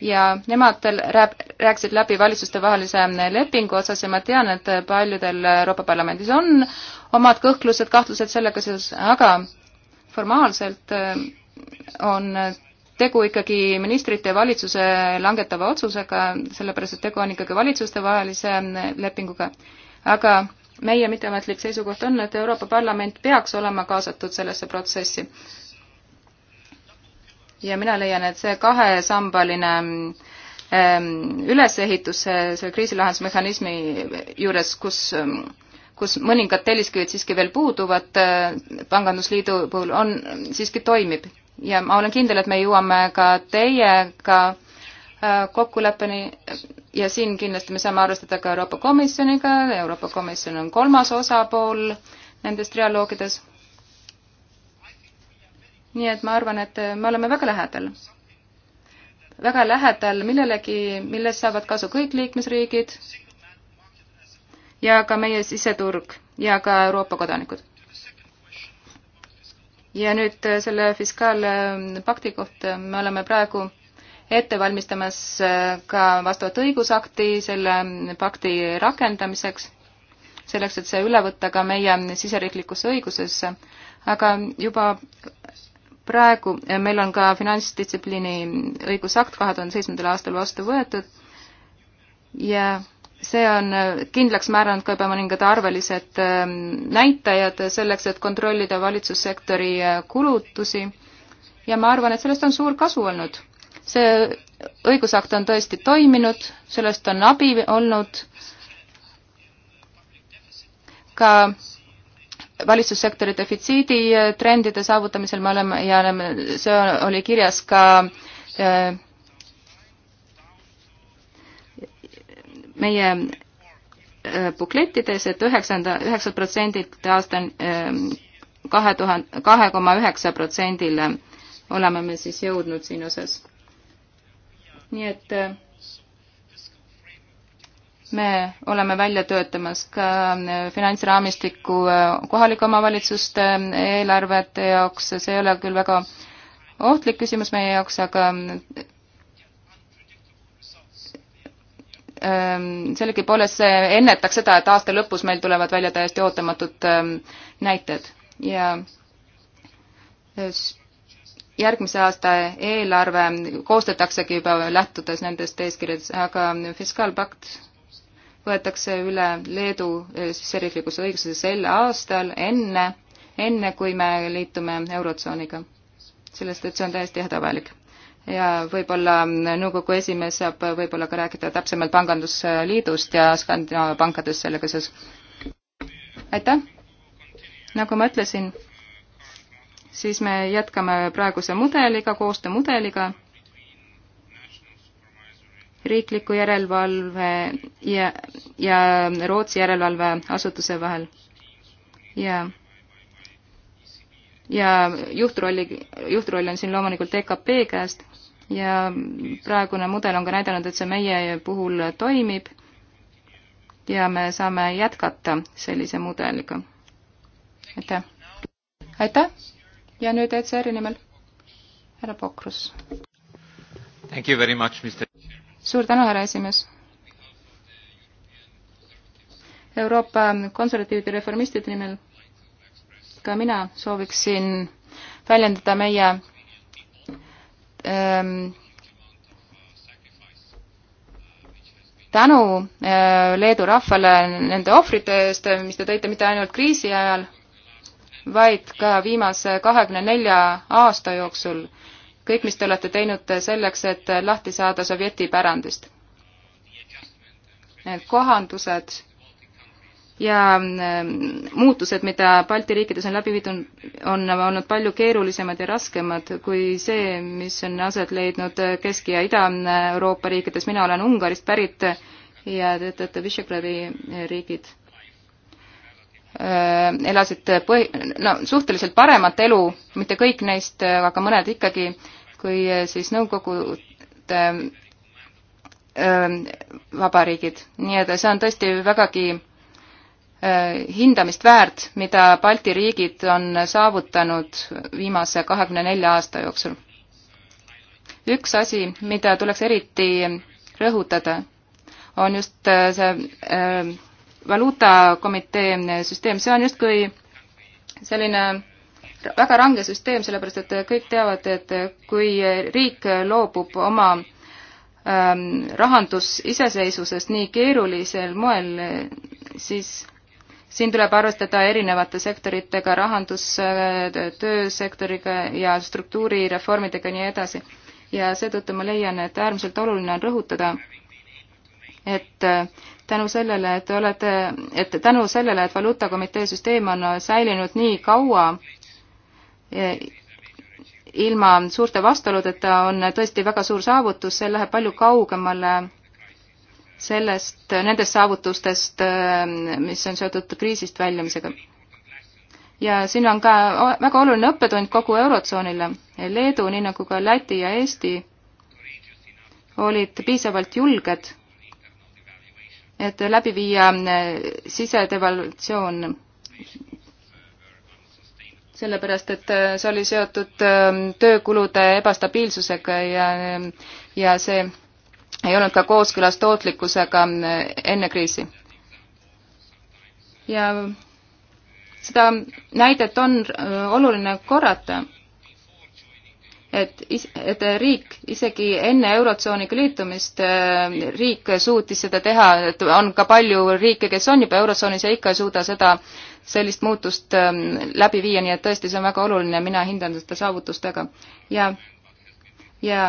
ja nemad rääb-, rääkisid läbi valitsustevahelise lepingu osas ja ma tean, et paljudel Euroopa Parlamendis on omad kõhklused, kahtlused sellega seoses, aga formaalselt äh, on tegu ikkagi ministrite ja valitsuse langetava otsusega, sellepärast et tegu on ikkagi valitsustevahelise äh, lepinguga. aga meie mitteametlik seisukoht on, et Euroopa Parlament peaks olema kaasatud sellesse protsessi ja mina leian, et see kahesambaline ähm, ülesehitus selle kriisilahendusmehhanismi juures, kus, ähm, kus mõningad telliskivid siiski veel puuduvad äh, pangandusliidu puhul, on, äh, siiski toimib. ja ma olen kindel, et me jõuame ka teiega äh, kokkuleppeni ja siin kindlasti me saame arvestada ka Euroopa Komisjoniga, Euroopa Komisjon on kolmas osapool nendes trialoogides nii et ma arvan, et me oleme väga lähedal. väga lähedal millelegi, millest saavad kasu kõik liikmesriigid ja ka meie siseturg ja ka Euroopa kodanikud. ja nüüd äh, selle fiskaalpakti kohta me oleme praegu ette valmistamas äh, ka vastavat õigusakti selle mm, pakti rakendamiseks, selleks, et see üle võtta ka meie siseriiklikusse õigusesse. aga juba praegu meil on ka finantsdistsipliini õigusakt kahe tuhande seitsmendal aastal vastu võetud ja see on kindlaks määranud ka juba mõningad arvelised ähm, näitajad selleks, et kontrollida valitsussektori äh, kulutusi ja ma arvan, et sellest on suur kasu olnud. see õigusakt on tõesti toiminud, sellest on abi olnud, ka valitsussektori defitsiidi eh, trendide saavutamisel me oleme ja oleme, see oli kirjas ka eh, meie eh, buklettides, et üheksanda, üheksalt protsendilt aastal kahe tuhande, kahe koma üheksa protsendile oleme me siis jõudnud siin osas. nii et me oleme välja töötamas ka äh, finantsraamistiku äh, kohalike omavalitsuste äh, eelarvete jaoks, see ei ole küll väga ohtlik küsimus meie jaoks, aga ähm, sellegipoolest see ennetaks seda, et aasta lõpus meil tulevad välja täiesti ootamatud ähm, näited ja järgmise aasta eelarve koostataksegi juba lähtudes nendest eeskirjadest, aga fiskaalpakt võetakse üle Leedu eh, siseriiklikus õiguses sel aastal enne, enne kui me liitume Eurotsooniga. sellest, et see on täiesti hädavajalik. ja võib-olla nõukogu esimees saab võib-olla ka rääkida täpsemalt Pangandusliidust ja Skandinaavia pankadest sellega seoses. aitäh! nagu ma ütlesin, siis me jätkame praeguse mudeliga, koostöömudeliga riikliku järelevalve ja, ja Rootsi järelevalveasutuse vahel. ja, ja juhtrolli, juhtroll on siin loomulikult EKP käest ja praegune mudel on ka näidanud, et see meie puhul toimib ja me saame jätkata sellise mudeliga. aitäh! aitäh ja nüüd ECR-i nimel härra Pokrus. Thank you very much, Mr suur tänu, härra esimees. Euroopa konservatiivide reformistide nimel ka mina sooviksin väljendada meie ähm, tänu äh, Leedu rahvale nende ohvrite eest, mis te tõite mitte ainult kriisi ajal, vaid ka viimase kahekümne nelja aasta jooksul äh, kõik, mis te olete teinud selleks, et lahti saada Sovjeti pärandist. Need kohandused ja ähm, muutused, mida Balti riikides on läbi viidud, on olnud palju keerulisemad ja raskemad kui see, mis on aset leidnud Kesk- ja Ida-Euroopa riikides. mina olen Ungarist pärit ja te teate Visegradi riigid äh, elasid põhi-, no suhteliselt paremat elu, mitte kõik neist, aga mõned ikkagi äh, kui eh, siis Nõukogude eh, vabariigid, nii et see on tõesti vägagi eh, hindamist väärt, mida Balti riigid on saavutanud viimase kahekümne nelja aasta jooksul. üks asi, mida tuleks eriti rõhutada, on just see valuutakomitee süsteem, see on justkui selline väga range süsteem, sellepärast et kõik teavad, et kui riik loobub oma ähm, rahandusiseseisvusest nii keerulisel moel, siis siin tuleb arvestada erinevate sektoritega, rahandus, äh, töösektoriga ja struktuurireformidega ja nii edasi. ja seetõttu ma leian, et äärmiselt oluline on rõhutada, et äh, tänu sellele, et te olete, et tänu sellele, et Valuutakomitee süsteem on säilinud nii kaua, ilma suurte vastuoludeta on tõesti väga suur saavutus, see läheb palju kaugemale sellest, nendest saavutustest, mis on seotud kriisist väljumisega. ja siin on ka väga oluline õppetund kogu Eurotsoonile. Leedu, nii nagu ka Läti ja Eesti, olid piisavalt julged, et läbi viia sisedevalutsioon sellepärast, et äh, see oli seotud ähm, töökulude ebastabiilsusega ja, ähm, ja see ei olnud ka kooskõlas tootlikkusega äh, enne kriisi. ja seda näidet on äh, oluline korrata, et, et riik isegi enne Eurotsooniga liitumist, riik suutis seda teha, et on ka palju riike, kes on juba Eurotsoonis ja ikka ei suuda seda äh, sellist muutust ähm, läbi viia, nii et tõesti, see on väga oluline, mina hindan seda saavutustega. ja, ja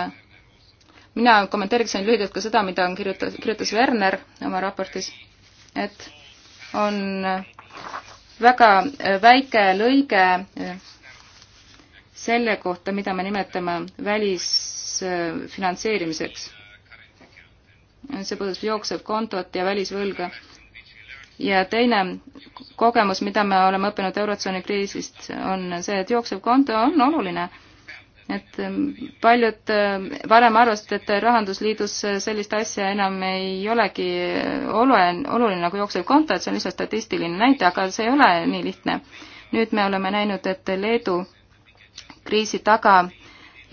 mina kommenteeriksin lühidalt ka seda, mida on kirjutas, kirjutas Werner oma raportis, et on äh, väga äh, väike lõige äh, selle kohta, mida me nimetame välisfinantseerimiseks. see puudutab jooksev kontot ja välisvõlga ja teine kogemus, mida me oleme õppinud Eurotsooni kriisist, on see, et jooksev konto on oluline. et ähm, paljud ähm, varem arvasid, et Rahandusliidus äh, sellist asja enam ei olegi äh, oluline, oluline nagu jooksev konto, et see on lihtsalt statistiline näide, aga see ei ole nii lihtne. nüüd me oleme näinud, et Leedu kriisi taga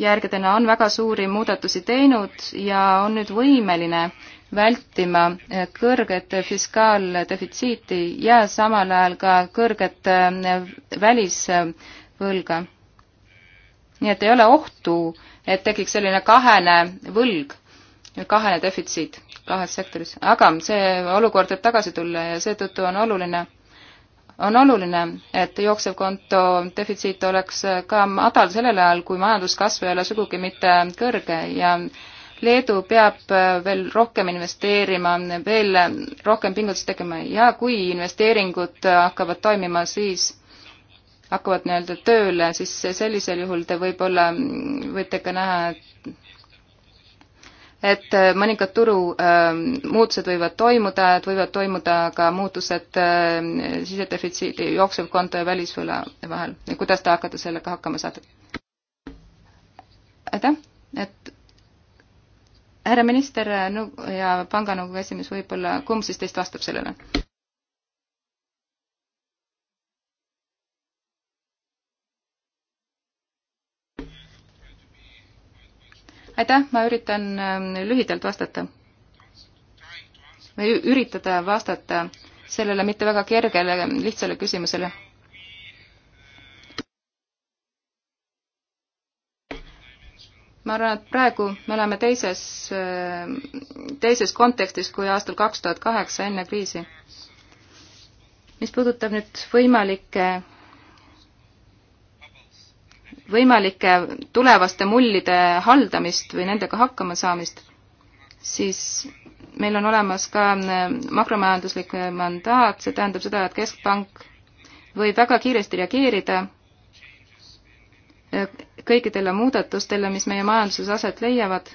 järgedena on väga suuri muudatusi teinud ja on nüüd võimeline äh, vältima eh, kõrget fiskaaldefitsiiti ja samal ajal ka kõrget eh, välisvõlga. nii et ei ole ohtu, et tekiks selline kahene võlg, kahene defitsiit kahes sektoris, aga see olukord võib tagasi tulla ja seetõttu on oluline, on oluline, et jooksev konto defitsiit oleks ka madal sellel ajal, kui majanduskasv ei ole sugugi mitte kõrge ja Leedu peab äh, veel rohkem investeerima, veel äh, rohkem pingutusi tegema ja kui investeeringud äh, hakkavad toimima, siis hakkavad nii-öelda tööle, siis sellisel juhul te võib-olla mm, võite ka näha, et mõningad turu äh, muutused võivad toimuda, et võivad toimuda ka muutused äh, sisedefitsiidi, jooksevkonto ja välisvõla vahel. kuidas te hakkate sellega hakkama saada? aitäh, et härra minister nõu- ja panganõukogu esimees võib-olla, kumb siis teist vastab sellele? aitäh, ma üritan ähm, lühidalt vastata. või üritada vastata sellele mitte väga kergele lihtsale küsimusele ma arvan, et praegu me oleme teises, teises kontekstis kui aastal kaks tuhat kaheksa, enne kriisi. mis puudutab nüüd võimalikke, võimalike tulevaste mullide haldamist või nendega hakkama saamist, siis meil on olemas ka äh, makromajanduslik äh, mandaat, see tähendab seda, et Keskpank võib väga kiiresti reageerida äh, kõikidele muudatustele, mis meie majanduses aset leiavad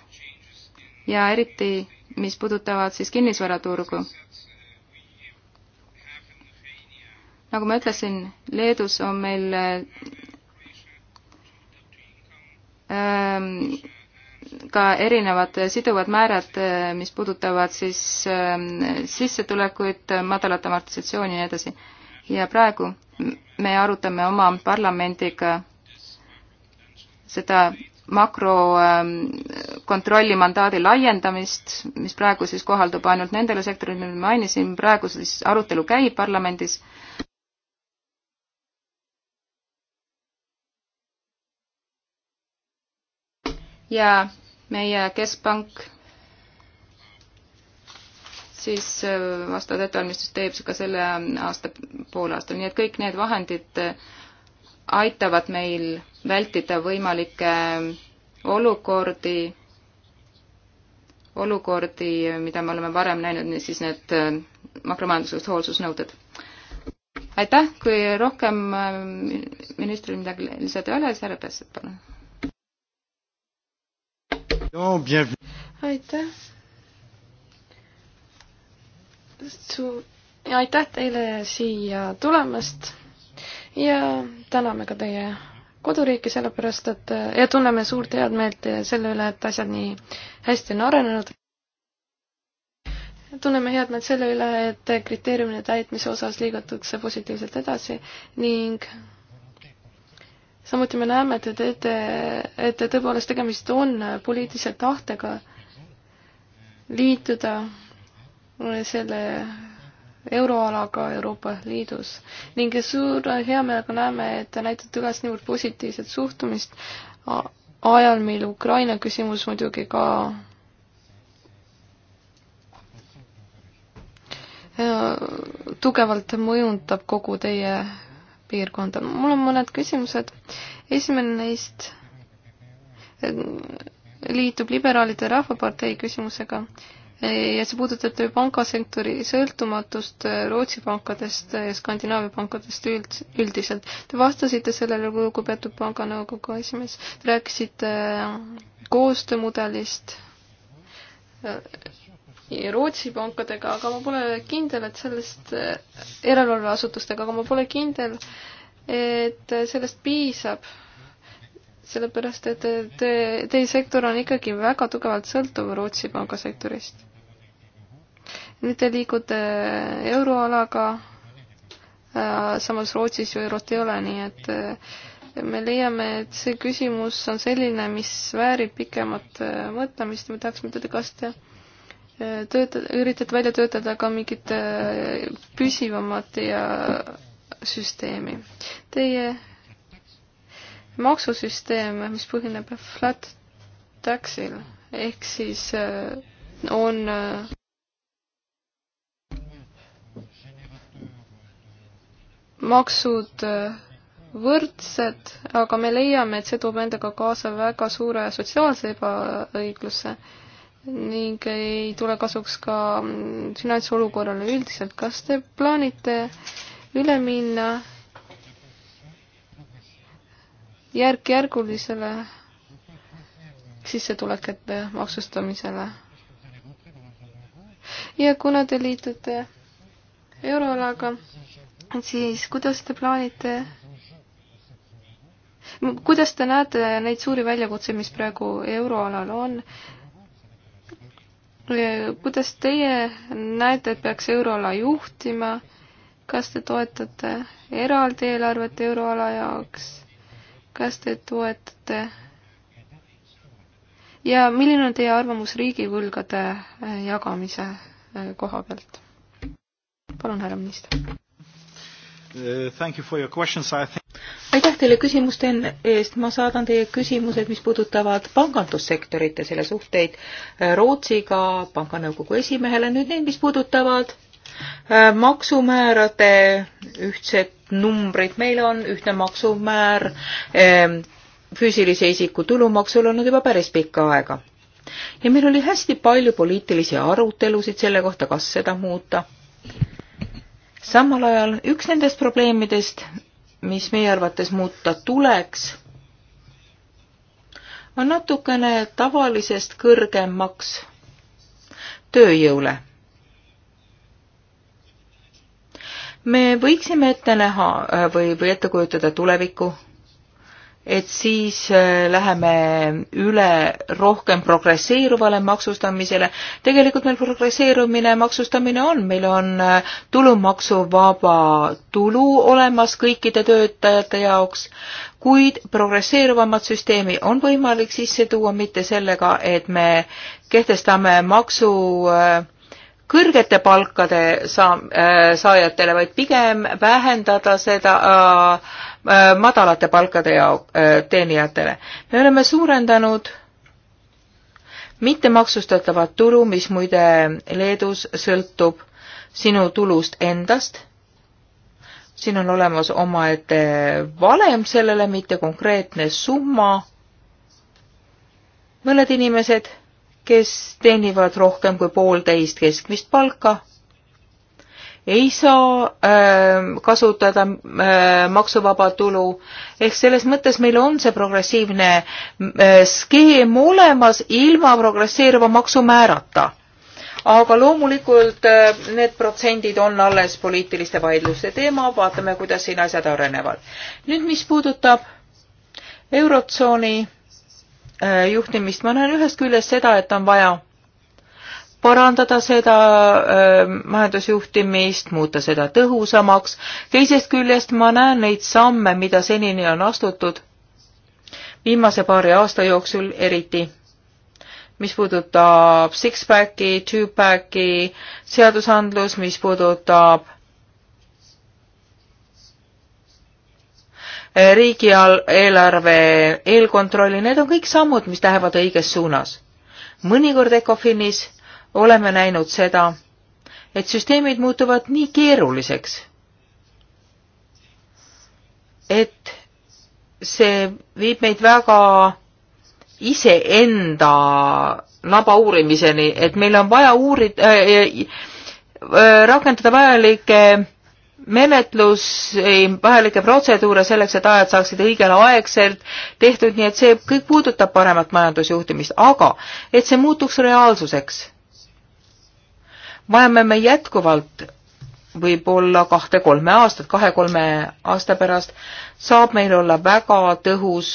ja eriti, mis puudutavad siis kinnisvaraturgu. nagu ma ütlesin, Leedus on meil ähm, ka erinevad siduvad määrad, äh, mis puudutavad siis ähm, sissetulekuid, madalat amortisatsiooni ja nii edasi. ja praegu me arutame oma parlamendiga seda makrokontrolli ähm, mandaadi laiendamist, mis praegu siis kohaldub ainult nendele sektoritele, mida ma mainisin, praegu siis arutelu käib parlamendis. ja meie keskpank siis äh, vastavat ettevalmistust teeb ka selle aasta, poolaastal, nii et kõik need vahendid äh, aitavad meil vältida võimalikke olukordi, olukordi, mida me oleme varem näinud, siis need äh, makromajanduslikud hoolsusnõuded. aitäh, kui rohkem äh, ministril midagi lisada ei ole, siis härra Pessep, palun. aitäh. Su-, aitäh teile siia tulemast ja täname ka teie koduriiki, sellepärast et ja tunneme suurt headmeelt selle üle, et asjad nii hästi on arenenud. tunneme headmeelt selle üle, et kriteeriumide täitmise osas liigutakse positiivselt edasi ning samuti me näeme, et te teete, et tõepoolest tegemist on poliitilise tahtega liituda selle euroalaga Euroopa Liidus ning suure heameelega näeme, et te näitate üles niivõrd positiivset suhtumist ajal, mil Ukraina küsimus muidugi ka tugevalt mõjutab kogu teie piirkonda. mul on mõned küsimused. esimene neist liitub liberaalide rahvapartei küsimusega ja see puudutab pangasektori sõltumatust äh, Rootsi pankadest ja Skandinaavia pankadest üld, üldiselt. Te vastasite sellele, lugupeetud panganõukogu esimees, te rääkisite äh, koostöömudelist äh, Rootsi pankadega, aga ma pole kindel, et sellest, järelevalveasutustega, aga ma pole kindel, et sellest piisab sellepärast, et te, teie sektor on ikkagi väga tugevalt sõltuv Rootsi pangasektorist nüüd te liigute äh, euroalaga, äh, samas Rootsis ju eurot ei ole, nii et äh, me leiame, et see küsimus on selline, mis väärib pikemat mõtlemist, me tahaksime teada, kas te tööta-, üritate välja töötada ka mingit püsivamat ja süsteemi. Teie maksusüsteem, mis põhineb flat tax'il ehk siis on maksud äh, võrdsed, aga me leiame, et see toob endaga kaasa väga suure sotsiaalse ebaõigluse ning ei tule kasuks ka mm, finantsolukorrale üldiselt. kas te plaanite üle minna järk-järgulisele sissetulekete maksustamisele? ja kuna te liitute euroalaga, siis kuidas te plaanite kuidas te näete neid suuri väljakutseid, mis praegu euroalal on? kuidas teie näete, et peaks euroala juhtima? kas te toetate eraldi eelarvet euroala jaoks? kas te toetate ja milline on teie arvamus riigivõlgade jagamise eh, koha pealt? palun, härra minister. Uh, aitäh teile küsimuste eest, ma saadan teie küsimused, mis puudutavad pangandussektorit ja selle suhteid äh, Rootsiga panganõukogu esimehele, nüüd need, mis puudutavad äh, maksumäärade ühtset numbrit, meil on ühtne maksumäär ähm, füüsilise isiku tulumaksul olnud juba päris pikka aega. ja meil oli hästi palju poliitilisi arutelusid selle kohta, kas seda muuta samal ajal üks nendest probleemidest, mis meie arvates muuta tuleks, on natukene tavalisest kõrgem maks tööjõule. me võiksime ette näha äh, või, või ette kujutada tulevikku et siis äh, läheme üle rohkem progresseeruvale maksustamisele. tegelikult meil progresseerumine maksustamine on, meil on äh, tulumaksuvaba tulu olemas kõikide töötajate jaoks, kuid progresseeruvamat süsteemi on võimalik sisse tuua mitte sellega, et me kehtestame maksu äh, kõrgete palkade saa-, saajatele, vaid pigem vähendada seda äh, Äh, madalate palkade jao-, äh, teenijatele. me oleme suurendanud mittemaksustatavat tulu, mis muide Leedus sõltub sinu tulust endast. siin on olemas omaette valem sellele, mitte konkreetne summa. mõned inimesed, kes teenivad rohkem kui poolteist keskmist palka ei saa äh, kasutada äh, maksuvaba tulu. ehk selles mõttes meil on see progressiivne äh, skeem olemas ilma progresseeruva maksumäärata. aga loomulikult äh, need protsendid on alles poliitiliste vaidluste teema, vaatame, kuidas siin asjad arenevad. nüüd, mis puudutab Eurotsooni äh, juhtimist, ma näen ühest küljest seda, et on vaja parandada seda ähm, majandusjuhtimist, muuta seda tõhusamaks. teisest küljest ma näen neid samme, mida senini on astutud viimase paari aasta jooksul eriti, mis puudutab six-packi, two-packi seadusandlus, mis puudutab riigieelarve eelkontrolli, need on kõik sammud, mis lähevad õiges suunas. mõnikord ECOFINis oleme näinud seda, et süsteemid muutuvad nii keeruliseks, et see viib meid väga iseenda laba uurimiseni, et meil on vaja uurida äh,, äh, rakendada vajalikke menetlusi, vajalikke protseduure selleks, et ajad saaksid õigel-aegselt tehtud, nii et see kõik puudutab paremat majandusjuhtimist, aga et see muutuks reaalsuseks vajame me jätkuvalt võib-olla kahte-kolme aastat, kahe-kolme aasta pärast saab meil olla väga tõhus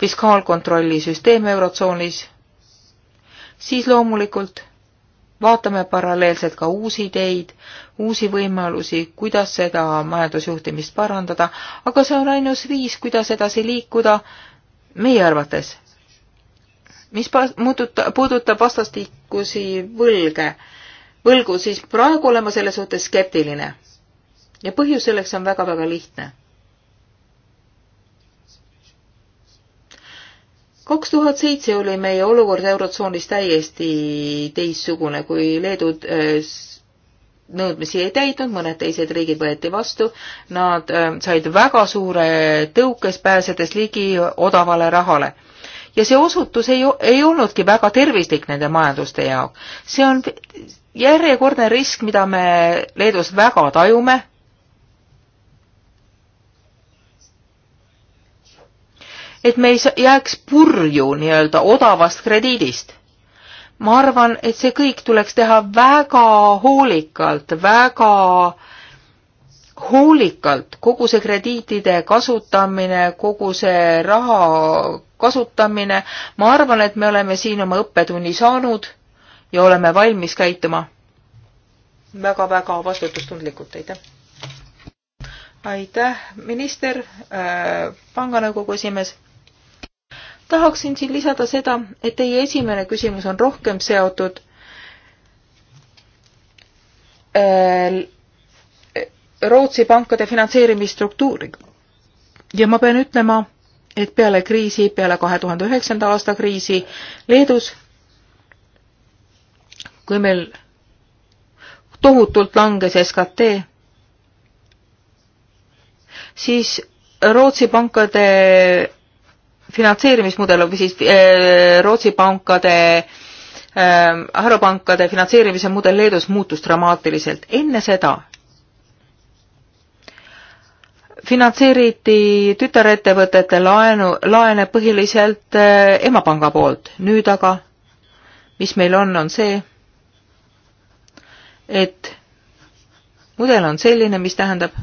fiskaalkontrolli süsteem Eurotsoonis, siis loomulikult vaatame paralleelselt ka uusi ideid, uusi võimalusi, kuidas seda majandusjuhtimist parandada, aga see on ainus viis, kuidas edasi liikuda meie arvates mis muuduta, puudutab vastastikusi võlge, võlgu, siis praegu olen ma selle suhtes skeptiline. ja põhjus selleks on väga-väga lihtne. kaks tuhat seitse oli meie olukord Eurotsoonis täiesti teistsugune, kui Leedu äh, nõudmisi ei täitnud, mõned teised riigid võeti vastu, nad äh, said väga suure tõukes, pääsedes ligi odavale rahale ja see osutus ei, ei olnudki väga tervislik nende majanduste jaoks. see on järjekordne risk, mida me Leedus väga tajume. et me ei jääks purju nii-öelda odavast krediidist. ma arvan, et see kõik tuleks teha väga hoolikalt, väga hoolikalt, kogu see krediitide kasutamine, kogu see raha kasutamine. ma arvan, et me oleme siin oma õppetunni saanud ja oleme valmis käituma väga-väga vastutustundlikult, aitäh! aitäh, minister äh,, panganõukogu esimees. tahaksin siin lisada seda, et teie esimene küsimus on rohkem seotud äh, Rootsi pankade finantseerimisstruktuuriga ja ma pean ütlema, et peale kriisi, peale kahe tuhande üheksanda aasta kriisi Leedus, kui meil tohutult langes SKT, siis Rootsi pankade finantseerimismudel või siis äh, Rootsi pankade, harupankade äh, finantseerimise mudel Leedus muutus dramaatiliselt. enne seda finantseeriti tütarettevõtete laenu, laene põhiliselt eh, emapanga poolt. nüüd aga, mis meil on, on see, et mudel on selline, mis tähendab,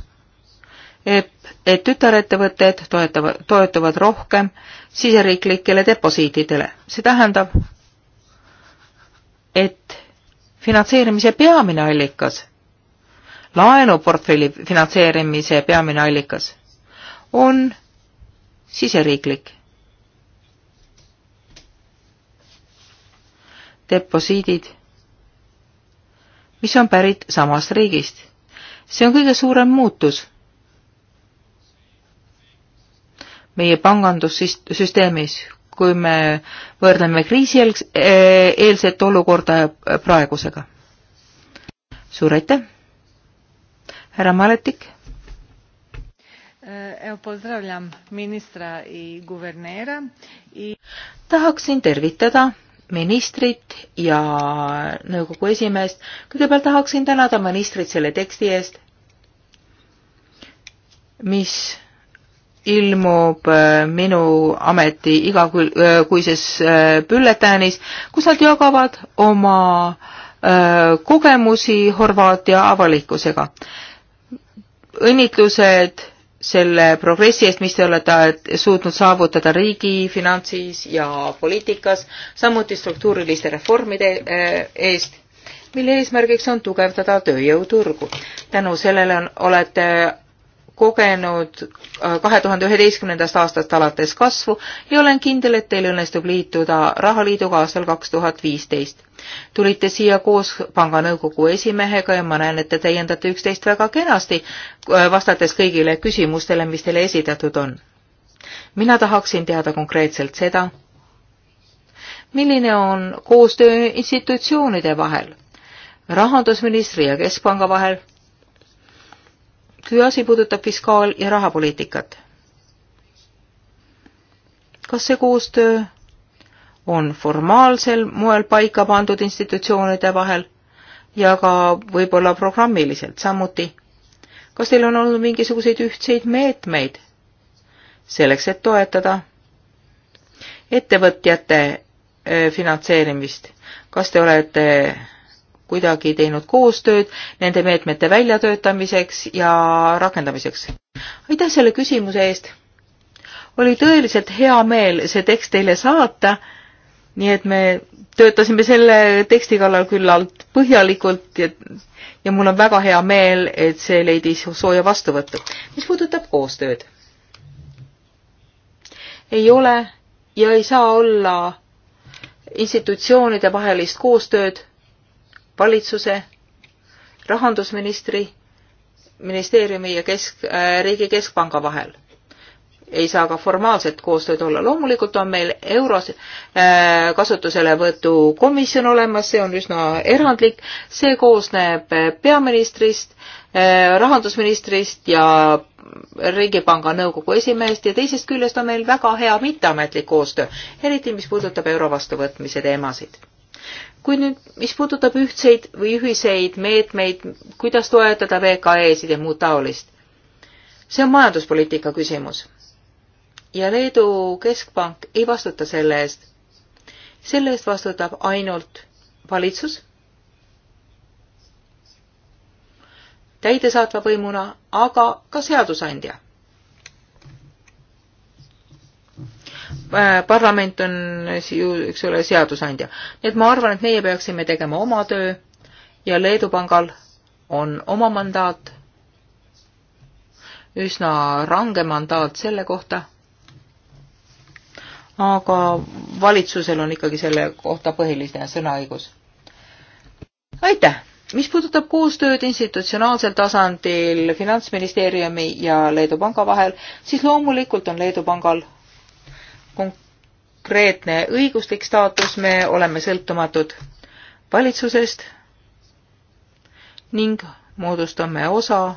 et, et tütarettevõtted toetavad, toetuvad rohkem siseriiklikele deposiitidele. see tähendab, et finantseerimise peamine allikas laenuportfelli finantseerimise peamine allikas on siseriiklik deposiidid, mis on pärit samast riigist. see on kõige suurem muutus meie pangandussüsteemis, kui me võrdleme kriisieelset olukorda praegusega. suur aitäh! härra Maletik. Eh, tahaksin tervitada ministrit ja nõukogu esimeest. kõigepealt tahaksin tänada ministrit selle teksti eest, mis ilmub eh, minu ameti igakuises eh, bülletäänis, kus nad jagavad oma kogemusi Horvaatia avalikkusega õnnitlused selle progressi eest, mis te olete suutnud saavutada riigi finantsis ja poliitikas, samuti struktuuriliste reformide eh, eest, mille eesmärgiks on tugevdada tööjõuturgu. tänu sellele on, olete kogenud äh, kahe tuhande üheteistkümnendast aastast alates kasvu ja olen kindel, et teil õnnestub liituda Rahaliiduga aastal kaks tuhat viisteist tulite siia koos panga nõukogu esimehega ja ma näen, et te täiendate üksteist väga kenasti, äh, vastates kõigile küsimustele, mis teile esitatud on. mina tahaksin teada konkreetselt seda, milline on koostöö institutsioonide vahel, rahandusministri ja keskpanga vahel, kui asi puudutab fiskaal- ja rahapoliitikat kas see koostöö on formaalsel moel paika pandud institutsioonide vahel ja ka võib-olla programmiliselt samuti. kas teil on olnud mingisuguseid ühtseid meetmeid selleks, et toetada ettevõtjate äh, finantseerimist, kas te olete kuidagi teinud koostööd nende meetmete väljatöötamiseks ja rakendamiseks? aitäh selle küsimuse eest! oli tõeliselt hea meel see tekst teile saata nii et me töötasime selle teksti kallal küllalt põhjalikult ja, ja mul on väga hea meel, et see leidis sooja vastuvõttu. mis puudutab koostööd, ei ole ja ei saa olla institutsioonide vahelist koostööd valitsuse, rahandusministri, ministeeriumi ja kesk äh,, riigi keskpanga vahel ei saa ka formaalset koostööd olla. loomulikult on meil euros äh, kasutuselevõtu komisjon olemas, see on üsna erandlik, see koosneb peaministrist, äh, rahandusministrist ja Riigipanga nõukogu esimehest ja teisest küljest on meil väga hea mitteametlik koostöö, eriti mis puudutab euro vastuvõtmise teemasid kui nüüd, mis puudutab ühtseid või ühiseid meetmeid, kuidas toetada VKE-sid ja muud taolist, see on majanduspoliitika küsimus ja Leedu keskpank ei vastuta selle eest. selle eest vastutab ainult valitsus täidesaatva võimuna, aga ka seadusandja. Äh, parlament on ju, eks ole, seadusandja. nii et ma arvan, et meie peaksime tegema oma töö ja Leedu pangal on oma mandaat, üsna range mandaat selle kohta aga valitsusel on ikkagi selle kohta põhiline sõnaõigus. aitäh! mis puudutab koostööd institutsionaalsel tasandil Finantsministeeriumi ja Leedu Panga vahel, siis loomulikult on Leedu Pangal konkreetne õiguslik staatus, me oleme sõltumatud valitsusest ning moodustame osa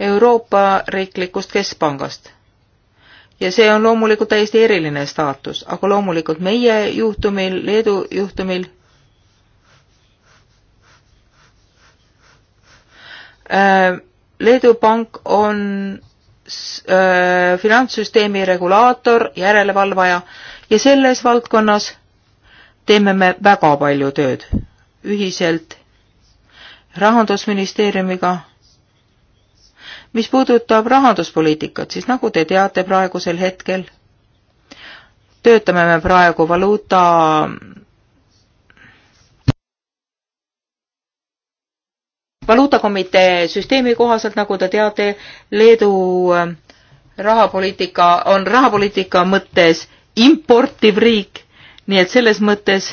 Euroopa riiklikust keskpangast ja see on loomulikult täiesti eriline staatus, aga loomulikult meie juhtumil, Leedu juhtumil äh, Leedu pank on äh, finantssüsteemi regulaator, järelevalvaja ja selles valdkonnas teeme me väga palju tööd ühiselt Rahandusministeeriumiga mis puudutab rahanduspoliitikat, siis nagu te teate praegusel hetkel, töötame me praegu valuuta valuutakomitee süsteemi kohaselt, nagu te teate, Leedu äh, rahapoliitika on rahapoliitika mõttes importiv riik, nii et selles mõttes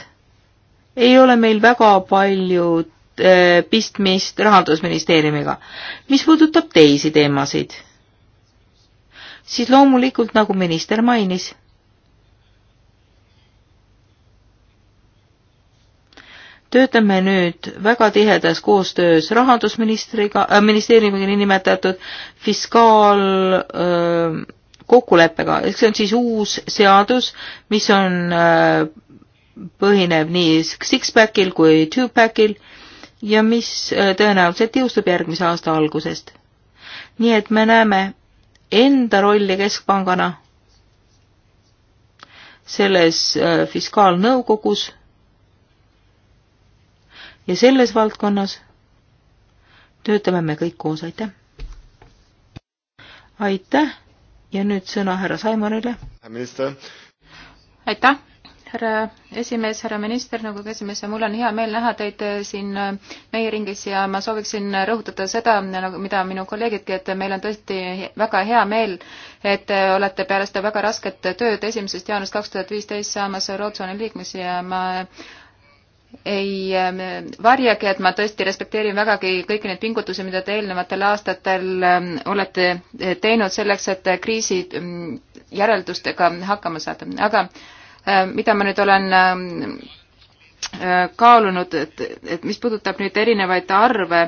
ei ole meil väga palju Äh, pistmist Rahandusministeeriumiga. mis puudutab teisi teemasid, siis loomulikult, nagu minister mainis, töötame nüüd väga tihedas koostöös rahandusministriga äh,, ministeeriumiga niinimetatud fiskaalkokkuleppega äh,, see on siis uus seadus, mis on äh,, põhineb nii six-packil kui two-packil äh, ja mis äh, tõenäoliselt jõustub järgmise aasta algusest. nii et me näeme enda rolli keskpangana selles äh, fiskaalnõukogus ja selles valdkonnas töötame me kõik koos, aitäh! aitäh ja nüüd sõna härra Saimonile. aitäh! härra esimees, härra minister, nõukogu esimees ja mul on hea meel näha teid äh, siin äh, meie ringis ja ma sooviksin äh, rõhutada seda, nagu, mida minu kolleegidki, et meil on tõesti väga hea meel, et te olete peale seda väga rasket tööd esimesest jaanuarist kaks tuhat viisteist saamas Rootsi liikmeks ja ma ei ähm, varjagi, et ma tõesti respekteerin vägagi kõiki neid pingutusi, mida te eelnevatel aastatel ähm, olete teinud selleks, et kriisi mm, järeldustega hakkama saada, aga Äh, mida ma nüüd olen ähm, äh, kaalunud, et, et mis puudutab nüüd erinevaid arve,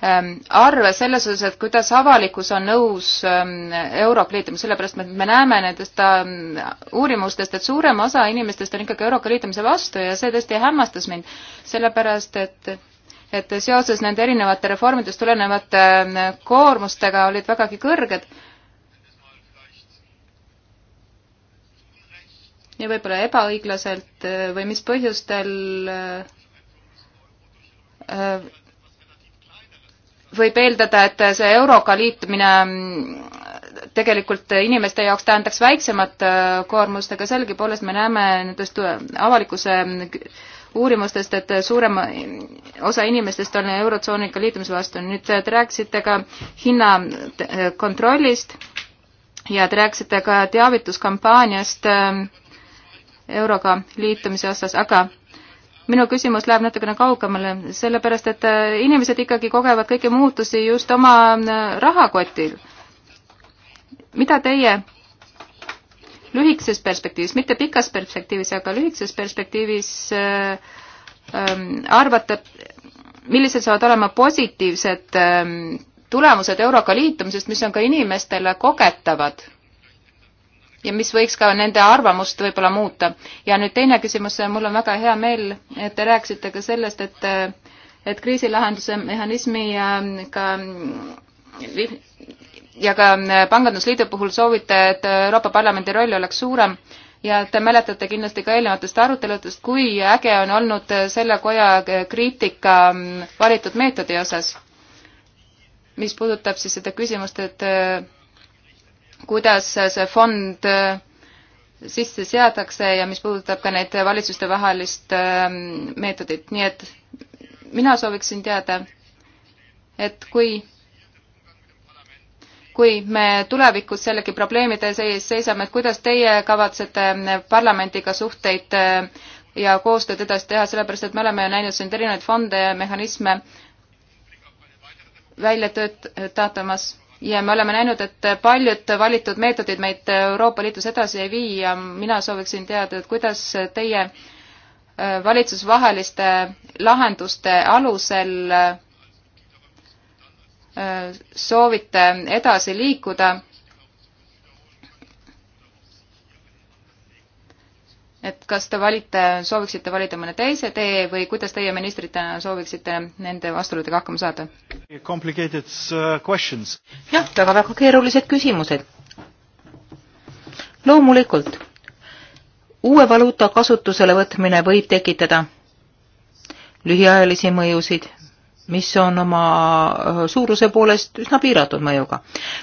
ähm, arve selles osas, et kuidas avalikkus on nõus ähm, euroga liituma, sellepärast et me näeme nendest uurimustest, et suurem osa inimestest on ikkagi euroga liitumise vastu ja see tõesti hämmastas mind, sellepärast et et seoses nende erinevate reformidest tulenevate koormustega olid vägagi kõrged ja võib-olla ebaõiglaselt äh, või mis põhjustel äh, võib eeldada, et see euroga liitumine mm, tegelikult inimeste jaoks tähendaks väiksemat äh, koormust, aga sellegipoolest me näeme nendest avalikkuse mm, uurimustest, et suurem osa inimestest on Eurotsooniga liitumise vastu. nüüd te rääkisite ka hinnakontrollist ja te rääkisite ka teavituskampaaniast äh, euroga liitumise osas, aga minu küsimus läheb natukene kaugemale, sellepärast et äh, inimesed ikkagi kogevad kõiki muutusi just oma äh, rahakotil. mida teie lühikeses perspektiivis, mitte pikas perspektiivis, aga lühikeses perspektiivis äh, äh, arvate, millised saavad olema positiivsed äh, tulemused euroga liitumisest, mis on ka inimestele kogetavad ja mis võiks ka nende arvamust võib-olla muuta. ja nüüd teine küsimus, mul on väga hea meel, et te rääkisite ka sellest, et et kriisilahenduse mehhanismi äh, ja ka ja äh, ka Pangandusliidu puhul soovite, et Euroopa Parlamendi roll oleks suurem ja te mäletate kindlasti ka eelnevatest aruteludest, kui äge on olnud selle koja kriitika äh, valitud meetodi osas, mis puudutab siis seda küsimust, et kuidas see fond äh, sisse seadakse ja mis puudutab ka neid valitsustevahelist ähm, meetodit, nii et mina sooviksin teada, et kui kui me tulevikus jällegi probleemide sees seisame, et kuidas teie kavatsete äh, parlamendiga suhteid äh, ja koostööd edasi teha, sellepärast et me oleme ju näinud siin erinevaid fonde ja mehhanisme välja töötatamas ja me oleme näinud, et paljud valitud meetodid meid Euroopa Liidus edasi ei vii ja mina sooviksin teada, et kuidas teie äh, valitsusvaheliste lahenduste alusel äh, soovite edasi liikuda et kas te valite, sooviksite valida mõne teise tee või kuidas teie ministritena sooviksite nende vastuoludega hakkama saada? Uh, jah, väga-väga keerulised küsimused. loomulikult, uue valuuta kasutusele võtmine võib tekitada lühiajalisi mõjusid, mis on oma äh, suuruse poolest üsna piiratud mõjuga.